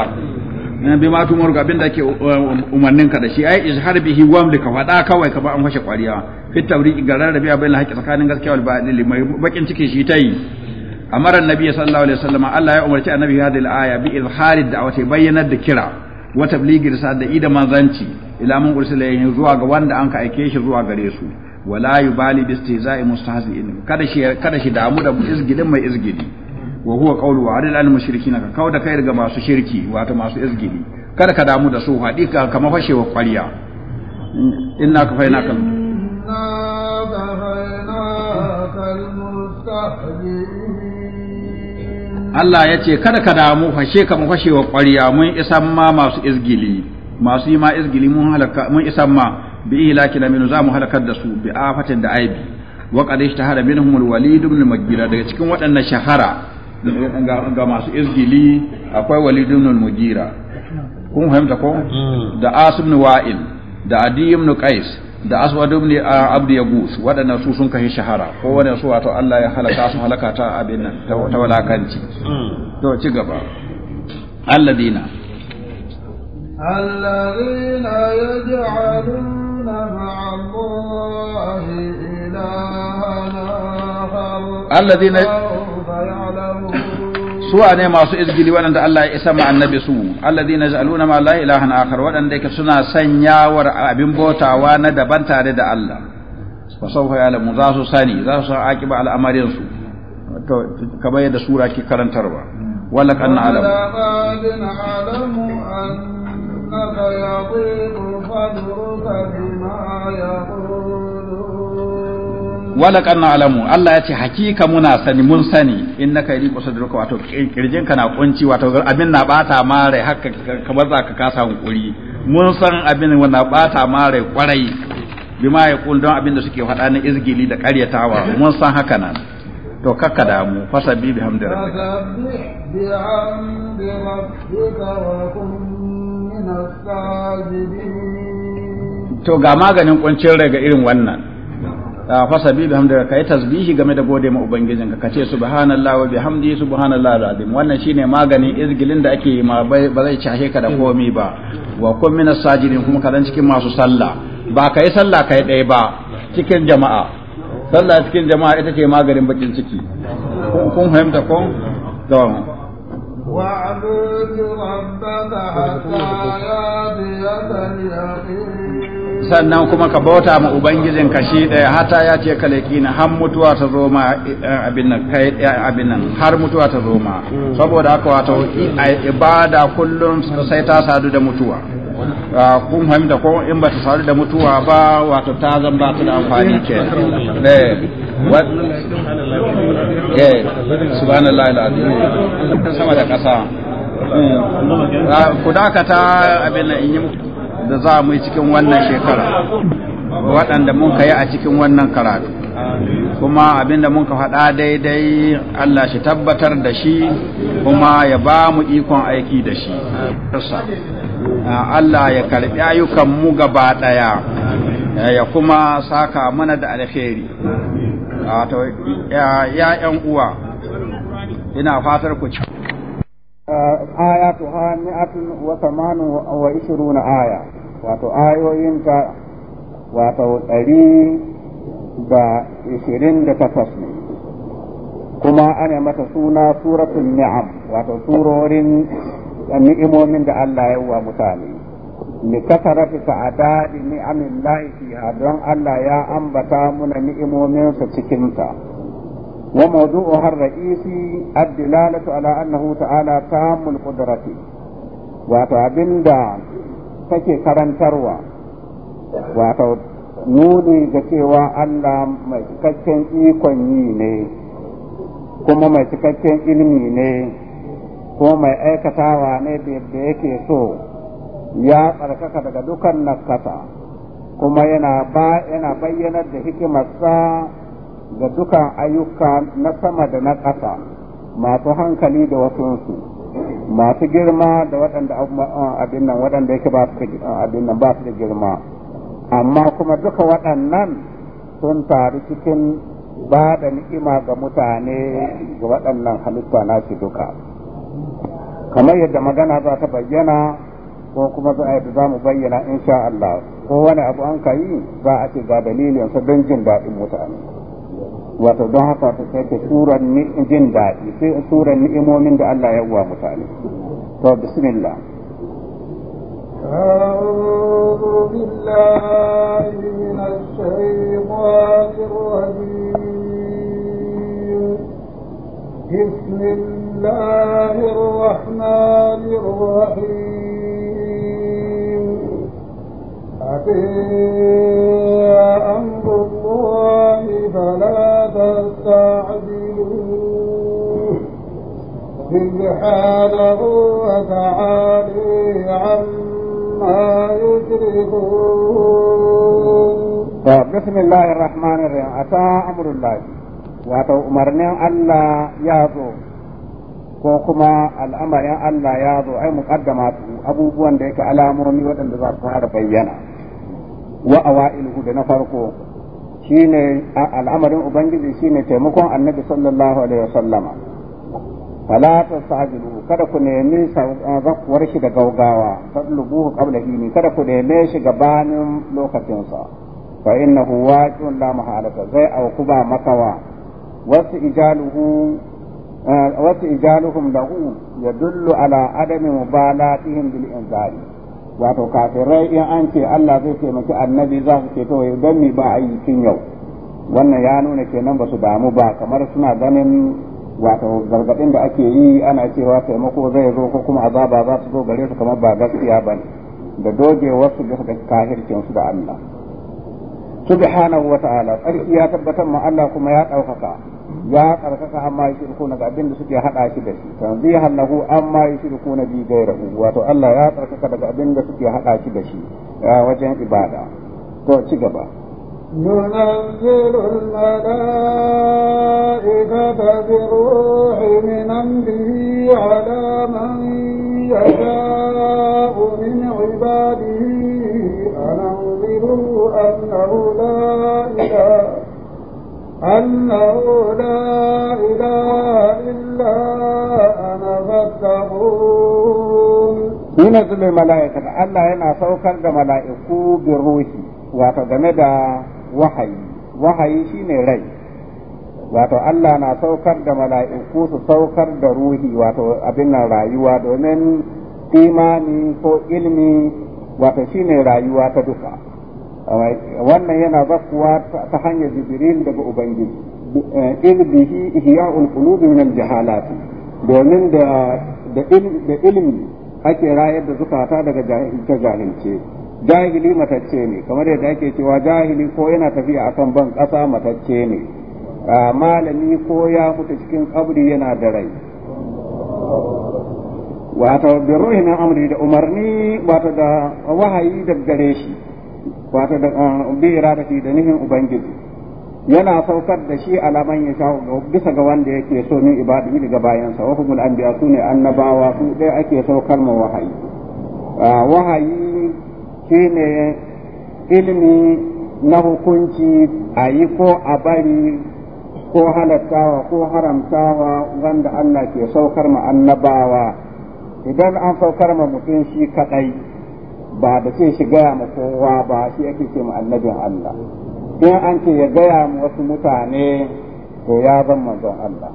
bi ma tumar ga abin da ake uh, um, umarnin ka da shi ai izhar bihi wamli ka fada kawai ka ba an fashe kwariya fit tawriki ga rarrabe abin da haƙi tsakanin gaskiya wal batil mai bakin ciki shi tayi amara annabi sallallahu alaihi wasallam Allah ya umarci annabi hadhihi al-aya bi da da'wati bayyanar da kira wa tabligi risal da ida manzanci ila man ursila zuwa ga wanda an ka aike shi zuwa gare su wala yubali bi istihza'i mustahzi'in kada shi kada shi damu da izgidin mai izgidi wa huwa qawlu wa adil al mushrikin ka da kai daga masu shirki wato masu izgili kada ka damu da su haɗi ka kama fashewa ƙwarya inna ka faina kan Allah ya ce kada ka damu fashe kama fashewa ƙwarya mun isan ma masu izgili masu yi ma izgili mun halaka mun isan ma bi ihlaki la minu zamu halakar da su bi afatin da aibi wa qad ishtahara minhum al-walid ibn magira daga cikin waɗannan shahara ga masu izgili akwai walidun ibn al kun fahimta ko hmm. da asim ibn wa'il da adi ibn qais da aswad ibn uh, abd yagus waɗannan su sun kai shahara ko wani su wato Allah ya halaka su halaka ta abin nan ta walakanci hmm. to ci gaba alladina alladina yaj'aluna ma'allahi ilaha إلها suwa ne masu izgili waɗanda Allah ya isa ma annabi su alladhina yaj'aluna ma la ilahan akhar waɗanda yake suna sanyawar abin bautawa na daban tare da Allah fa sawfa ya'lamu za su sani za su san akiba al'amarin su kamar yadda sura ke karantarwa wala kan alamu annaka wala kan alamu Allah ya ce hakika muna sani mun sani in na innaka yadiqu sadruka wato kirjin kana kunci wato abin na bata mare haka kamar zaka kasa hankuri mun san abin na bata mare kwarai bima ya kun don abin da suke faɗa na izgili da ƙaryatawa mun san haka nan to kakka da mu fasa bi hamdu rabbika to ga maganin kuncin rai ga irin wannan Ah, fasa bi hamdaka kai tasbihi game da gode ma ubangijinka kace subhanallahi wa bihamdi subhanallahi alazim wannan shine maganin izgilin da ake yi ma ba zai cahe ka da komai ba wa kun min sajidin kuma kadan cikin masu sallah ba kai sallah kai dai ba cikin jama'a sallah cikin jama'a ita ce maganin bakin ciki kun fahimta ko to wa'budu rabbaka hatta yatiyaka al sannan kuma ka bauta ma ubangijin ka shi daya hata ya ce ka na har mutuwa ta zo ma eh, abin nan kai eh, abin nan har mutuwa ta zo ma saboda haka wato eh, ibada kullum sai ta sadu da mutuwa ah, kun fahimta ko in ba ta sadu da mutuwa ba wato ta zan ba ta da amfani ke subhanallah alazim sama da kasa ah, ku dakata abin nan in yi muku da za mu yi cikin wannan shekara waɗanda mun ka yi a cikin wannan karatu kuma abinda mun ka faɗa daidai Allah shi tabbatar da shi kuma ya ba mu ikon aiki da shi Allah ya karɓi ayyukan mu gaba ɗaya ya kuma saka mana da alheri ya 'yan uwa ina fatar ku ci آياتها مئة وثمان na aya wato ka wato ɗari da ishirin da takwas ne kuma ana mata suna suratun ni'am wato surorin ni'imomin da Allah ya wa mutane ni fi ta'adadi ni'amin laifi, don Allah ya ambata muna ni'imominsa cikinta وموضوعها الرئيسي الدلالة على ta'ala تعالى تام القدرة وتعبين دا تكي كرن تروى nuni da cewa Allah mai cikakken ikon yi ne kuma mai cikakken ilmi ne Ko mai aikatawa ne da yake so ya tsarkaka daga dukan nakasa kuma yana bayyanar da hikimarsa ga dukan ayyuka na sama da na ƙasa masu hankali da wasunsu masu girma da waɗanda abin nan waɗanda yake ba su da girma amma kuma duka waɗannan sun taru cikin ba da ni'ima ga mutane ga waɗannan halitta na shi duka kamar yadda magana za ta bayyana ko kuma za a za mu bayyana insha Allah ko wani abu an kayi za a ce ga dalilin don jin daɗin mutane wato don haka ta sake surar jin daɗi sai surar ni'imomin da Allah ya wa mutane to bismillah أعوذ بالله من الشيطان الرجيم بسم الله الرحمن الرحيم أتي أمر بسم الله الرحمن الرحيم أتى أمر الله umarnin Allah ya zo ko kuma al'amarin Allah ya zo ai muqaddama abubuwan da yake alamomi waɗanda za fara bayyana wa awailuhu da na farko shine al'amarin ubangiji shine taimakon annabi sallallahu alaihi wasallama fala tastajilu kada ku nemi zakuwar shi da gaugawa fadlubuhu kabla ini kada ku neme shi gabanin lokacin sa fa innahu waqi'un la mahalata zai auku kuba makawa wasu ijaluhu eh, wasu ijaluhum lahu yadullu ala adami mubalatihim bil inzari wato kafirai in an ce Allah zai taimaki annabi za su ce to don mi ba a yi cin yau wannan ya nuna kenan ba su damu ba kamar suna ganin wato gargadin da ake yi ana cewa taimako zai zo ko kuma azaba za su zo gare su kamar ba gaskiya ba da doge wasu da ga su da Allah subhanahu wa ta'ala tsarki ya tabbatar ma Allah kuma ya ɗaukaka ya tsarkaka amma ya shirku na ga abin da suke hada shi da shi tanzihan lahu amma ya shirku na bi gairahu wato Allah ya tsarkaka daga abin da suke hada shi da shi wajen ibada to ci gaba ينزل الملائكة بالروح من أمره على من يشاء من عباده أن أنه لا إله أنه لا إله إلا أنا فاتقون ينزل الملائكة الله هنا سوكر دا ملائكو بالروح واتدم دا وحي وحي شين ري wato Allah na saukar da mala'iku su saukar da ruhi wato abin nan rayuwa domin imani ko ilmi wato shine rayuwa ta duka wannan yana zakuwa ta hanyar jibril daga ubangiji iz bihi eh, ihya'ul qulubi min al-jahalat domin da da ilmi ake rayar da zukata daga jahilce jahilce jahili matacce ne kamar yadda ake cewa jahili ko yana tafiya akan ban ƙasa matacce ne ah, malami ko ya mutu cikin kabri yana da rai wato da ruhi amri da umarni wato da wahayi da gare shi wato da ah, bi shi da nufin ubangiji yana saukar da shi alaman ya sha bisa ga wanda yake so min ni daga bayan bayansa wa humul anbiya su ne annabawa su dai ake saukar ma wahayi ah, wahayi shine ilimi na hukunci a yi ko a bari ko halattawa ko haramtawa wanda Allah ke saukar ma annabawa idan an saukar ma mutum shi kaɗai. ba da ce shi gaya ma kowa ba shi ake ce ma annabin Allah in an ce ya gaya ma wasu mutane to ya zan manzon Allah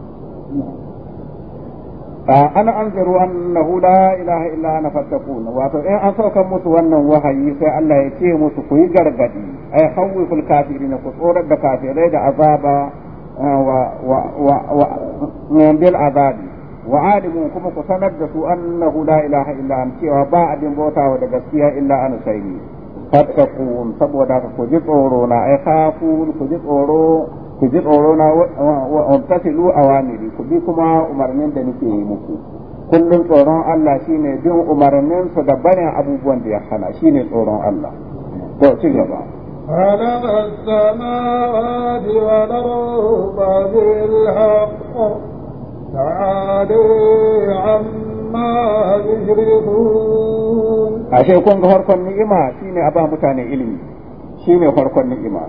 ana an zaru annahu la ilaha illa ana fattakun wato in an saukan musu wannan wahayi sai Allah ya ce musu ku yi gargadi ay khawful kafirin ku tsorar da kafirai da azaba eh, wa wa wa eh, bil azabi wa kuma ku sanar da su annahu la ilaha illa an cewa ba abin bautawa da gaskiya illa an sai ni fattaqun saboda ku ji tsoro na ai khafun ku ji tsoro ku ji tsoro na wa antasilu awamiri ku bi kuma umarnin da nake yi muku kullum tsoron Allah shine bin umarnin su da barin abubuwan da ya hana shine tsoron Allah to ci gaba خلق السماوات والأرض بالحق ashe kun ga farkon ni'ima ne a ba mutane ilimi ne farkon ni'ima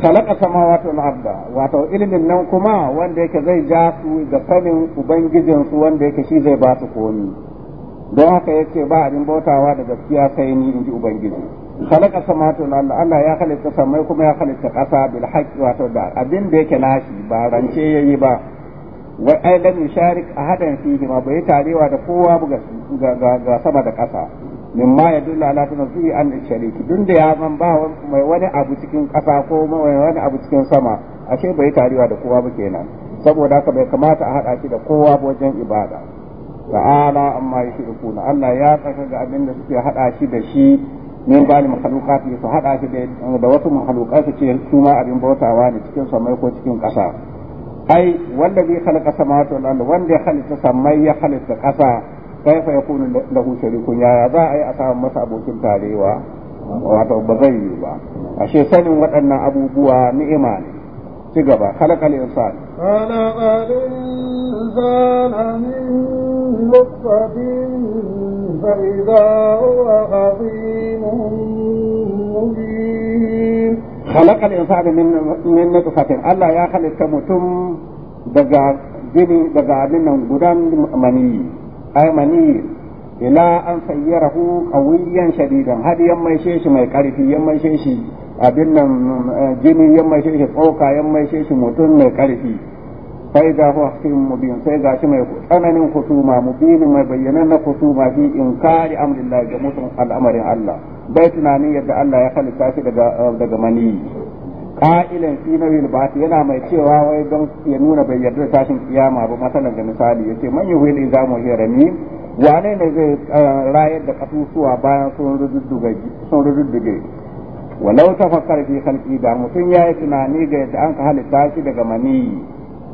talaka sama wato arda wato ilimin nan kuma wanda yake zai ja su ga sanin ubangijinsu wanda yake shi zai ba su komi don haka yace ba abin bautawa da gaskiya sai ni inji ubangiji talaka sama wal arda Allah ya halitta samai kuma ya halitta kasa bil haqqi wato da abin da yake nashi ba rance yayi ba wa ai lam yusharik ahadan fihi ma bai tarewa da kowa ga ga sama da ƙasa mimma ya dulla ala tanzihi an shariki dun da ya man ba mai wani abu cikin ƙasa ko mai wani abu cikin sama ashe bai tarewa da kowa ba kenan saboda haka bai kamata a hada shi da kowa wajen ibada ta'ala amma yushrikuna Allah ya tsaka ga abinda da suke hada shi da shi min ba ni makhluqati su hada shi da wasu makhluqati ce su ma abin bautawa ne cikin samai ko cikin ƙasa ai wanda zai khalaqa samawati wal ardi wanda ya halitta samai ya halitta kasa kaifa yakunu lahu sharikun ya za a yi a samu masa abokin tarewa wato ba zai yi ba ashe sanin waɗannan abubuwa ni'ima ne ci gaba khalaqa al insan khalaqa al insana fa khalaqal insana min min nutfatin Allah ya halitta mutum daga jini daga abin nan gudan mani ila an sayyarahu qawiyan shadidan har yan mai shi mai karfi yan mai shi abin jini yan mai shi tsoka yan mutum mai karfi sai ga huwa hakim mubin sai ga shi mai tsananin kusuma mai bayyana na kusuma fi inkari amrillah ga al'amarin Allah bai tunanin yadda Allah ya halitta shi daga uh, daga mani qa'ilan fi nawil ba'th yana mai cewa wai don ya nuna bai yarda tashin kiyama ba masalan da misali yace man yuhil izamu hiya rami wane ne zai uh, rayar da kasusuwa bayan sun rududduge sun rududduge walau fi khalqi da mutum yayi tunani ga yadda an ka halitta shi daga mani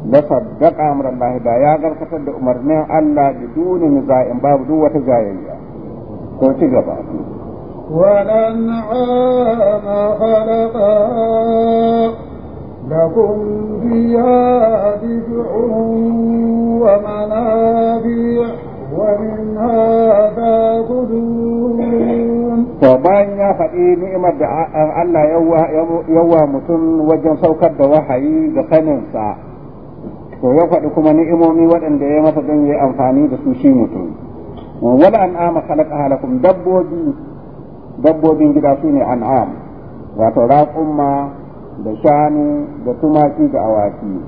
la saddaqa amran Allah da ya garkatar da umarnin Allah biduni niza'in babu duk wata zayayya ko ci gaba والأنعام خلقها لكم فيها دفع ومنافع ومنها تأكلون وبان يا فدي نعمة الله يوا يوا متن وجن سوكر da wahayi da saninsa to ya faɗi kuma ni'imomi waɗanda ya masa don ya amfani da su shi mutum wala an ama khalaqa lakum dabbobi dabbobin gida su ne an'am wato raƙumma da shanu da tumaki da awaki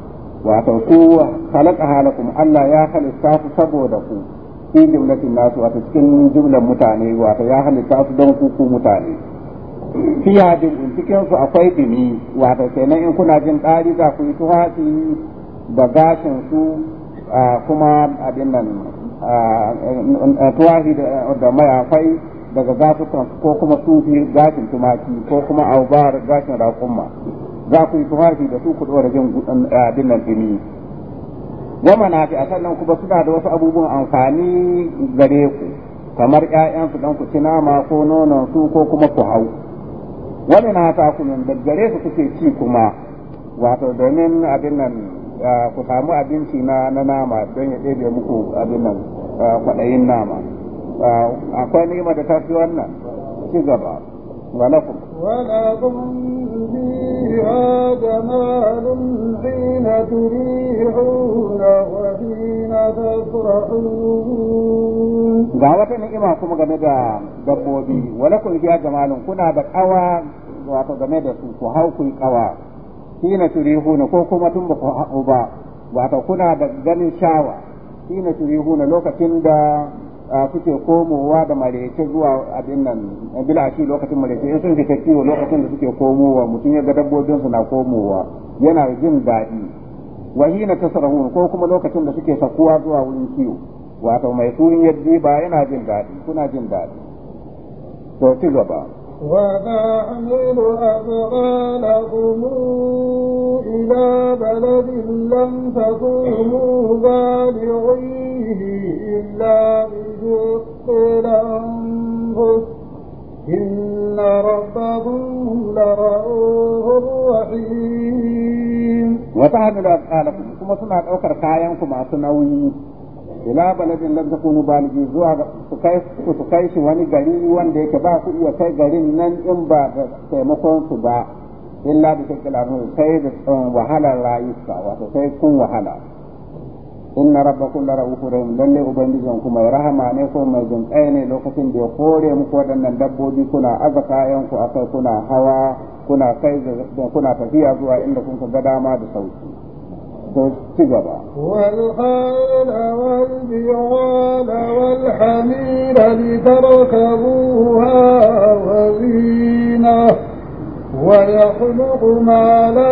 wato ku halaka halakum Allah ya halitta su saboda ku fi jumlatin nasu wato cikin jumlar mutane wato ya halitta su don ku ku mutane fiya dimin cikin su akwai dumi wato kenan in kuna jin ɗari za ku yi tuhafi da gashin su kuma abin nan tuhafi da mayafai daga gasukan ko kuma sufi gashin tumaki ko kuma aubar gashin rakunma za ku yi tufafi da su kudu ɗora jin eh, abin nan jini wa fi a sannan kuma suna da wasu abubuwan amfani gare ku kamar su dan ku ci nama ko nonon su ko kuma ku hau wani na ta ku da gare su kuke ci kuma wato domin abin nan eh, ku samu abinci na nama don ya ɗebe muku abin nan eh, kwaɗayin nama akwai nima da tafi wannan ci gaba ولكم ولكم فيها جمال حين wa وحين تفرحون ga wata ni'ima kuma game da dabbobi walakun fiya jamalun kuna da kawa wato game da su ku hau ku kawa hina turihuna ko kuma tun ba ku hau ba wato kuna da ganin shawa hina turihuna lokacin da suke komowa da marece zuwa abin nan bila shi lokacin marece in sun fita ciwo lokacin da suke komowa mutum ya ga dabbobin su na komowa yana jin daɗi wahina tasrahun ko kuma lokacin da suke sakuwa zuwa wurin kiwo wato mai suyin yaddi ba yana jin daɗi kuna jin daɗi to ci gaba وتحمل أثقالكم إلى بلد لم تكونوا بالغيه إلا بشق الأنفس إن ربكم لرؤوف رحيم وتحمل أثقالكم كما سمعت أوكر كايانكم أصنعوني ila baladin lam takunu baligi zuwa su kai su kai shi wani gari wanda yake ba su iya kai garin nan in ba da taimakon su ba illa bi takilamu sai da eh, wahala rayuka wato sai kun wahala inna rabbakum la ra'ufur rahim lalle ubangijin ku mai rahama ne ko mai jin ne lokacin da ya kore muku waɗannan dabbobi kuna aza kayan ku akai kuna hawa kuna kai kuna tafiya zuwa inda kun ga dama da sauki والخيل والبغال ya لتركبوها وزينة ويخلق ما لا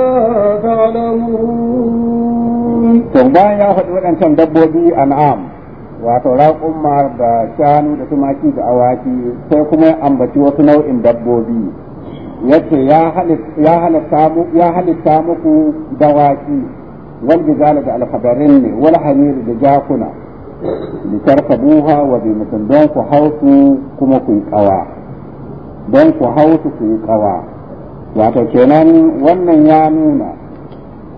wato raƙumma da shanu da tumaki da awaki sai kuma ya ambaci wasu nau'in dabbobi yace ya halitta muku dawaki wal bizala da alhabarin ne wal da jakuna da tarkabuha wa mutum don ku hausu kuma ku kawa don ku hausu ku yi kawa wato kenan wannan ya nuna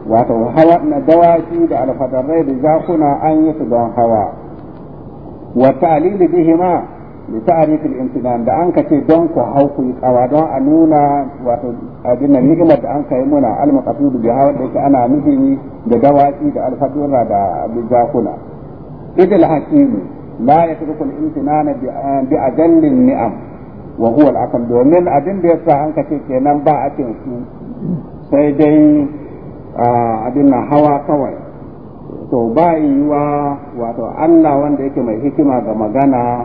wato hawa na dawaki da alfadarai da jakuna an yi su don hawa wa ta'lili bihima bi ta'rif da an kace don a nuna wato abin da an kai muna al ana nufi da dawaki da alfadura da bijakuna idil hakim la yatruku al domin abin yasa an kenan ba a cin sai dai abin nan hawa kawai to ba yiwa wato Allah wanda yake mai hikima ga magana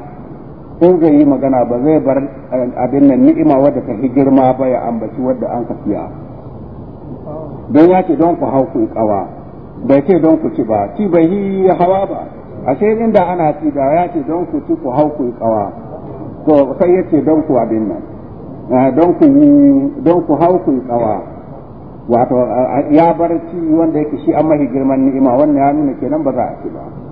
in zai yi magana ba zai bar eh, abin nan ni'ima wadda ta fi girma ba ya ambaci wadda an kafiya don ya ce don ku hau ku kawa bai ce don ku ci ba ci bai yi hawa ba a sai inda ana ci da ya ce don ku ci ku hau ku kawa to sai ya ce don ku abin nan eh, don ku don ku hau ku kawa wato eh, ya bar ci wanda yake shi an mahi girman ni'ima wannan ya nuna kenan ba za a ci ba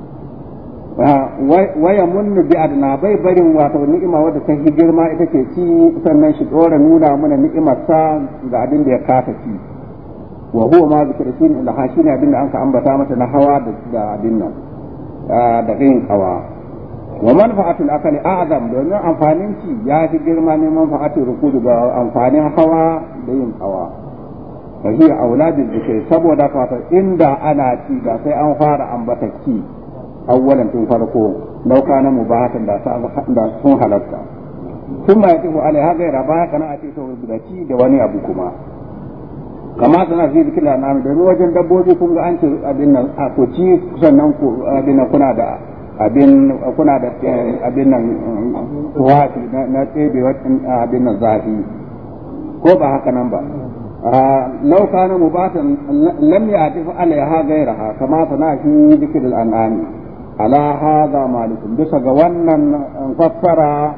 Ah, waya munnu bi adna bai barin wato ni'ima wadda ta fi girma ita ke ci sannan shi dora nuna mana ni'imar sa ga abin da ya kasa ci wa huwa ma bi shi da abin da an ka ambata mata na hawa da abin nan ah, da yin kawa wa manfa'atul akali a'zam domin amfanin ci ya fi girma ne manfa'atul rukudu ga amfanin hawa da yin kawa fa hiya auladul zikr saboda fata inda ana ci da sai an fara ambata ci awwalan tun farko dauka na mubahatan da da sun halatta sun ma yatifu alaiha gaira ba haka na a ce to da ci da wani abu kuma kama suna fi zikin da nami domin wajen dabbobi kun ga an ce abin nan a ku ci sannan ku abin nan kuna da abin kuna da eh, abin nan tuwafi mm, na tsebe wajen abin nan zafi ko ba haka nan ba لو كان مباتا لم يعتف عليها غيرها كما تنافي ذكر الأنعام ala haza malikun bisa ga wannan eh, fassara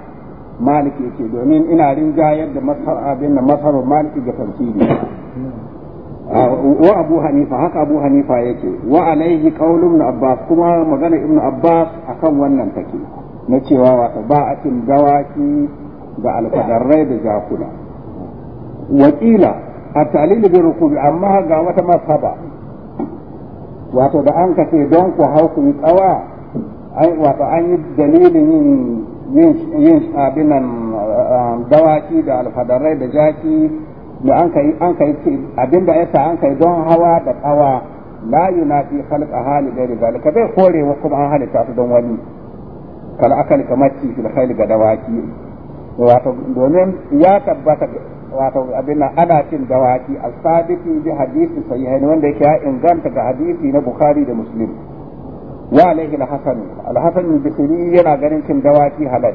maliki yake domin ina rinjayar da masar abin da masar maliki ga tafsiri hmm. ah, wa abu hanifa haka abu hanifa yake wa alaihi qaulun ibn abbas kuma magana ibn abbas akan wannan take na cewa wato ba a cin dawaki ga alfadarrai da jakuna wakila a talil rukubi amma ga wata masaba wato da an kace don ku hau ku yi tsawa wato an yi dalilin yin yin abinan um, dawaki da alfadarai da jaki da an kai an kai abinda yasa an kai don hawa da tsawa la yunafi khalqa hali da zalika bai kore wa kuma an halitta su don wani kal akal kamar ci fil khayl ga dawaki wato domin ya tabbata wato abin nan ana cin dawaki a sabiti bi hadisi sahihain wanda yake ya inganta ga hadisi na bukhari da muslim wa alaihi alhasan alhasan al-hasan bisiri yana ganin cin dawaki halal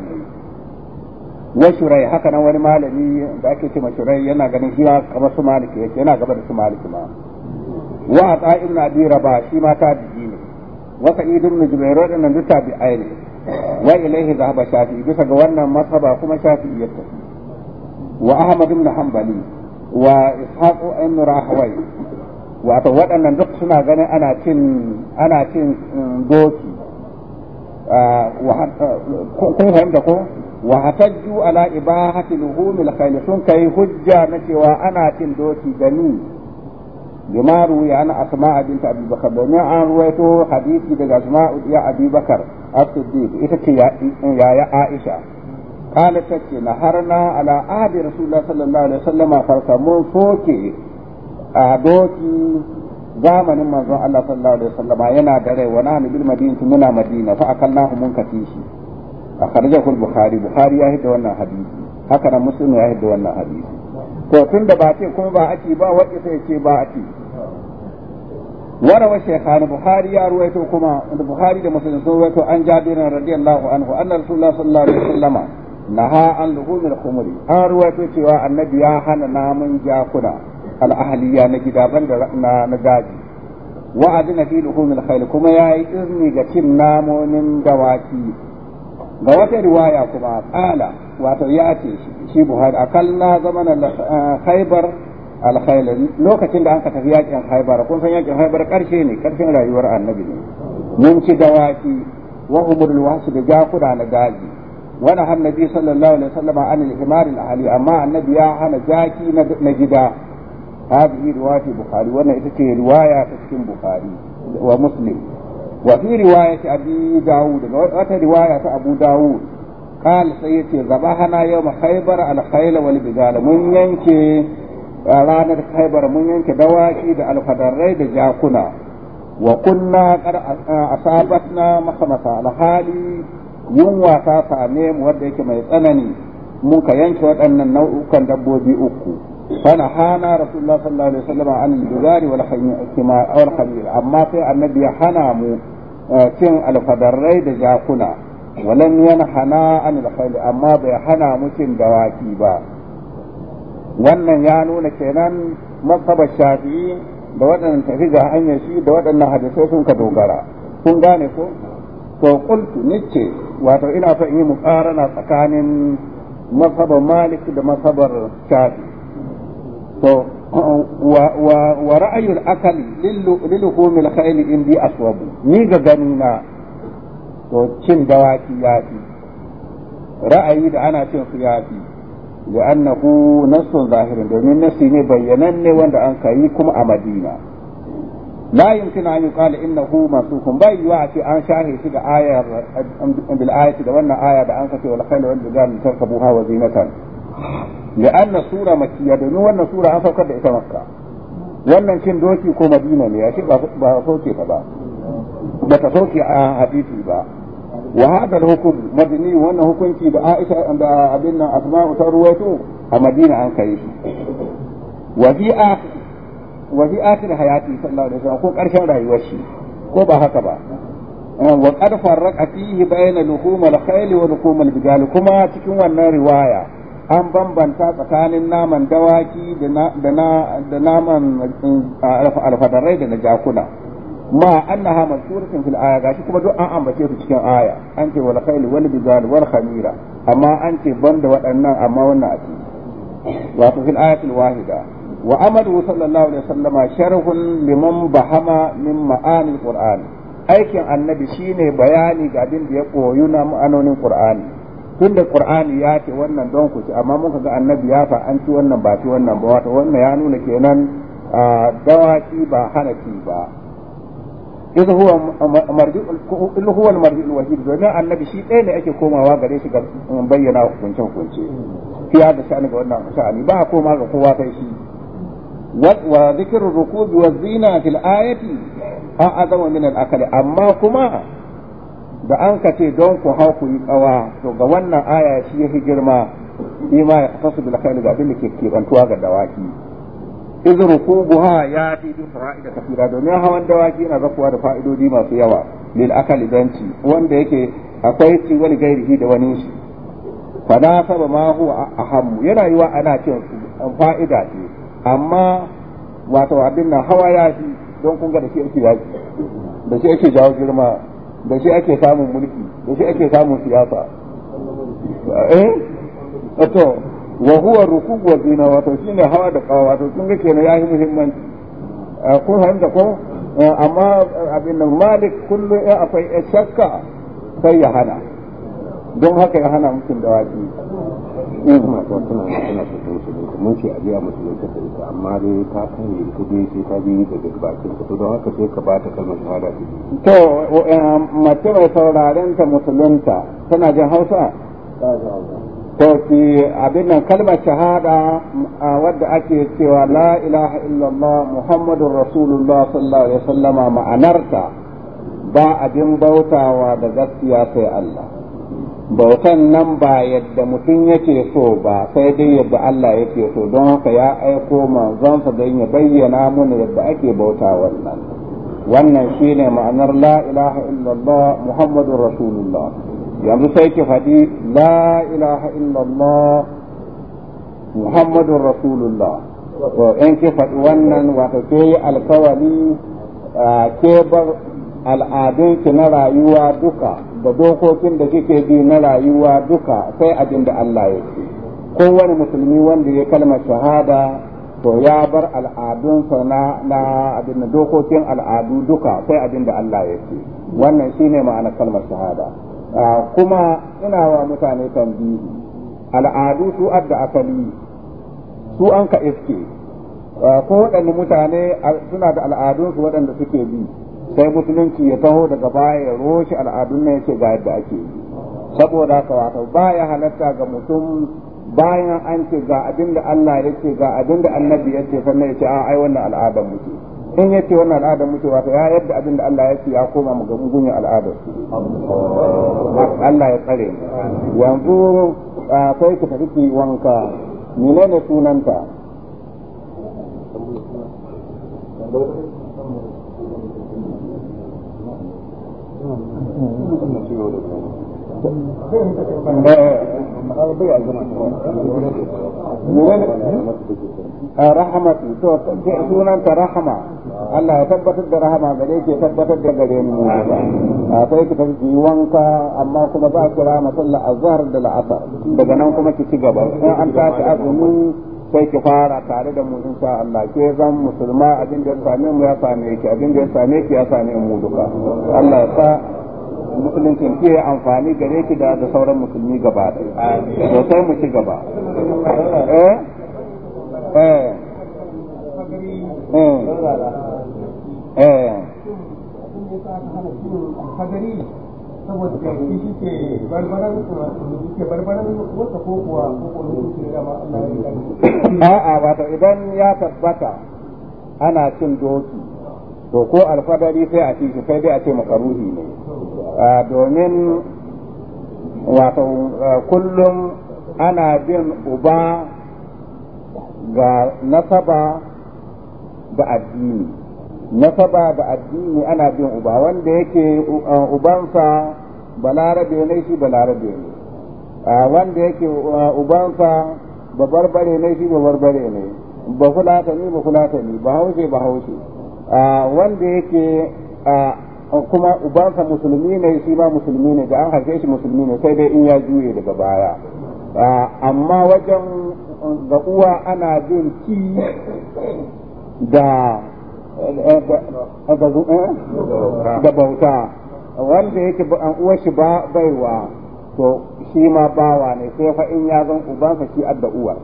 ne wa shurai haka nan wani malami da ake cewa shurai yana ganin shi kamar su maliki yake yana gaba da su maliki ma wa ata ibn abi rabah shi ma ta tabi'i ne wa sa'id ibn jubair nan duk tabi'ai ne wa ilaihi zahaba shafi bisa ga wannan masaba kuma shafi yake وأحمد بن حنبلي وإسحاق بن راهوي wato waɗannan duk suna ganin ana cin ana cin um, doki uh, kun fahimta ko wa hatajju ala ibahati khayl sun kai hujja na cewa ana cin doki gani bima ruwiya an asma'a abi bakar domin an ruwaito hadisi daga asma'u ya abi bakar as-siddiq ita ce ya ya aisha قالت تتي نهرنا على عهد رسول الله صلى الله عليه وسلم أهدوكي zamanin manzon Allah sallallahu alaihi wasallama yana da rai wa nahnu bil madinati muna madina fa akallahu mun katishi akhrajahu bukhari bukhari ya hidda wannan hadisi haka nan muslim ya hidda wannan hadisi to tun da ba ce kuma ba ake ba wanda sai ce ba ake naha an luhumil khumri an ruwaito cewa annabi ya hana namun jakuna al'ahaliya na gida banda na na daji wa adina fi luhumil khayl kuma yayi izini ga cin namonin dawaki ga wata riwaya kuma qala wato ya ce shi buhari akalna zamanan khaybar alkhayl lokacin da anka tafi yakin khaybar kun a yakin khaybar karshe ne karshen rayuwar annabi ne mun ci dawaki wa humul wasu da jakuna na daji wani har nabi sallallahu alaihi amma annabi ya hana jaki na gida hadhihi riwayati bukhari wannan ita ce riwaya ta cikin bukhari wa muslim wa wata riwaya ta abu daud قال سيتي ذبحنا يوم خيبر الخيل والبغال من ينكي ranar haibar mun yanke dawaki da alfadarrai da jakuna wa kunna asabatna mahamasa alhali yunwa ta same mu wadda yake mai tsanani mun ka yanke waɗannan nau'ukan dabbobi uku fana hana rasulullah sallallahu alaihi wasallam an wal khamir amma sai annabi ya hana mu eh, cin alfadarrai da jakuna walan yana hana an al amma bai hana mu cin dawaki ba wannan ya nuna kenan masaba shafi da waɗannan tafi ga hanyar shi da waɗannan hadisai sun ka dogara kun gane ko to qultu nice wato ina so in yi muqarana tsakanin masabar malik da masabar shafi to wa ra'ayul akali lil humil khayl indi aswabu ni ga gani na to cin dawaki yafi ra'ayi da ana cin su yafi annahu nasun zahirin domin nasi ne ne wanda an kayi kuma a Madina la yumkin an yuqala innahu masukum bai yiwa ce an shahe shi da ayar bil da wannan aya da an kace wal khayla wal bijal tarkabuha wa zinatan li'anna sura makkiya domin wannan sura an saukar da ita makka wannan cin doki ko madina ne ashe ba ba sauke ta ba ba ta sauke a hadisi ba wa da Aisha da abin a Madina an kai wa bi akhir hayati sallallahu alaihi wasallam ko karshen rayuwar shi ko ba haka ba eh, wa qad farraqa fihi bayna luhum al-khayl wa luhum al-bijal kuma cikin wannan riwaya an bambanta tsakanin naman dawaki da naman eh, alfadarai da na jakuna ma annaha mazkuratun fil aya gashi kuma duk an ambace su cikin aya an ce wal khayl wal bijal wal khamira amma an ce banda waɗannan amma wannan a ciki wato fil ayatil wahida wa amadu sallallahu alaihi wasallama sharhun liman bahama min ma'anil qur'an aikin annabi shine bayani ga abin da ya koyu na ma'anonin qur'ani da qur'ani ya ce wannan don ku ci amma muka ga annabi ya fa an ci wannan ba ci wannan ba wato wannan ya nuna kenan dawaki ba hanaki ba idan huwa marji'ul huwa marji'ul wahid domin annabi shi ɗaya ne ake komawa gare shi ga bayyana hukunce hukunce fiya da sha'ani ga wannan sha'ani ba a koma ga kowa kai shi وذكر الركوب والزينة في الآية أعظم من الأكل أما كما da an ka ce don ku hau ku yi kawa to ga wannan aya shi ya fi girma shi ma ya kasu bil ga abin da ke kebantuwa ga dawaki izru kubuha ya fi bi fa'ida kafira domin hawan dawaki yana zakuwa da fa'idodi masu yawa lil akali danci wanda yake akwai ci wani gairihi da wani shi na saba ma huwa ahammu yana yiwa ana cin fa'ida ce amma wato abin nan hawa ya fi don kun ga da shi ake yaki da shi ake jawo girma da shi ake samun mulki da shi ake samun siyasa eh to wa huwa rukub wa dina wato shine hawa da kawa wato kun ga kenan yayi muhimmanci ko han da ko amma abin nan malik kullu ya akwai shakka sai ya hana don haka ya hana mutum da in kuma dawaki mun ce a biya musulunta ta ita amma dai ta sani ta dai sai ta bi daga bakin ta don haka sai ka bata kalmar shahada ta to um, mace mai sauraren ta musulun ta tana jin hausa to ki abin nan kalmar shahada wadda ake cewa la ilaha illallah muhammadur rasulullah sallallahu alaihi wasallama ma'anarta ba abin bautawa da gaskiya sai Allah bautan nan ba yadda mutum yake so ba sai dai yadda Allah yake so don haka ya aiko manzonsa don ya bayyana mana yadda ake bauta wannan wannan shine ma'anar la ilaha illallah muhammadur rasulullah yanzu sai ki faɗi la ilaha illallah muhammadur rasulullah to in ki faɗi wannan wato ke yi alkawari ke bar al'adun ki na rayuwa duka da dokokin da kike bi na rayuwa duka sai abin da Allah ya ce kowane musulmi wanda ya kalma shahada to ya bar al'adunsa na na abin dokokin al'adu duka sai abin da Allah ya ce wannan shine ma'anar kalmar shahada ah, kuma ina wa mutane tambihi al'adu su adda asali su an ka iske ah, ko waɗanne mutane ah, suna da al'adunsu waɗanda suke bi sai musulunci ya taho daga baya ya roshe al'adun na yace ga yadda ake yi saboda haka wato baya halatta ga mutum bayan an ce ga abin da Allah ya ce ga abin da annabi ya ce sannan ya ce a ai wannan al'adar mutum in ya ce wannan al'adar mutum wato ya yadda abin da Allah ya ce ya koma mu ga mugunyar al'adar Allah ya tsare yanzu kai ku tafi wanka menene sunanta sunanta rahama Allah ya tabbatar da rahama gare ke tabbatar da gare mu sai ki wanka amma kuma daga nan kuma ki ci gaba an tashi azumi sai ki fara tare da mu insha Allah ke zan musulma abin da ya same mu ya same ki abin da ya same ki ya same mu duka Allah ya sa musuluncin ke amfani gare ki da da sauran musulmi gaba da sai mu ci gaba eh eh eh a'a wato idan ya tabbata ana cin doki to ko alfadari sai a ci shi sai dai a ce makaruhi ne domin wato kullum ana bin uba ga nasaba da addini nasaba da addini ana bin uba wanda yake ubansa balarabe ne shi balarabe ne wanda yake ubansa babarbare ne shi babarbare ne ba fulata ni ba fulata ni ba haushe ba haushe wanda yake kuma ubansa musulmi ne shi ma musulmi ne da an haife shi musulmi ne sai dai in ya juye daga baya amma wajen um, ga uwa ana bin ki da eh, eh, eh, da bauta wanda yake an uwa shi ba baiwa to shi ma bawa ne sai fa in ya zan ubansa shi adda uwa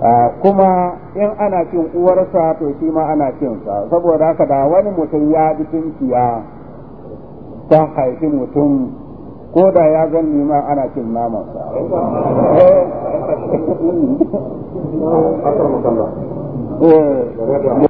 Ah, kuma in ana cin uwarsa to shi ma ana cin saboda haka da wani mutum ya bi tunkiya ta haifi mutum ko da ya zan nima ana cin naman eh.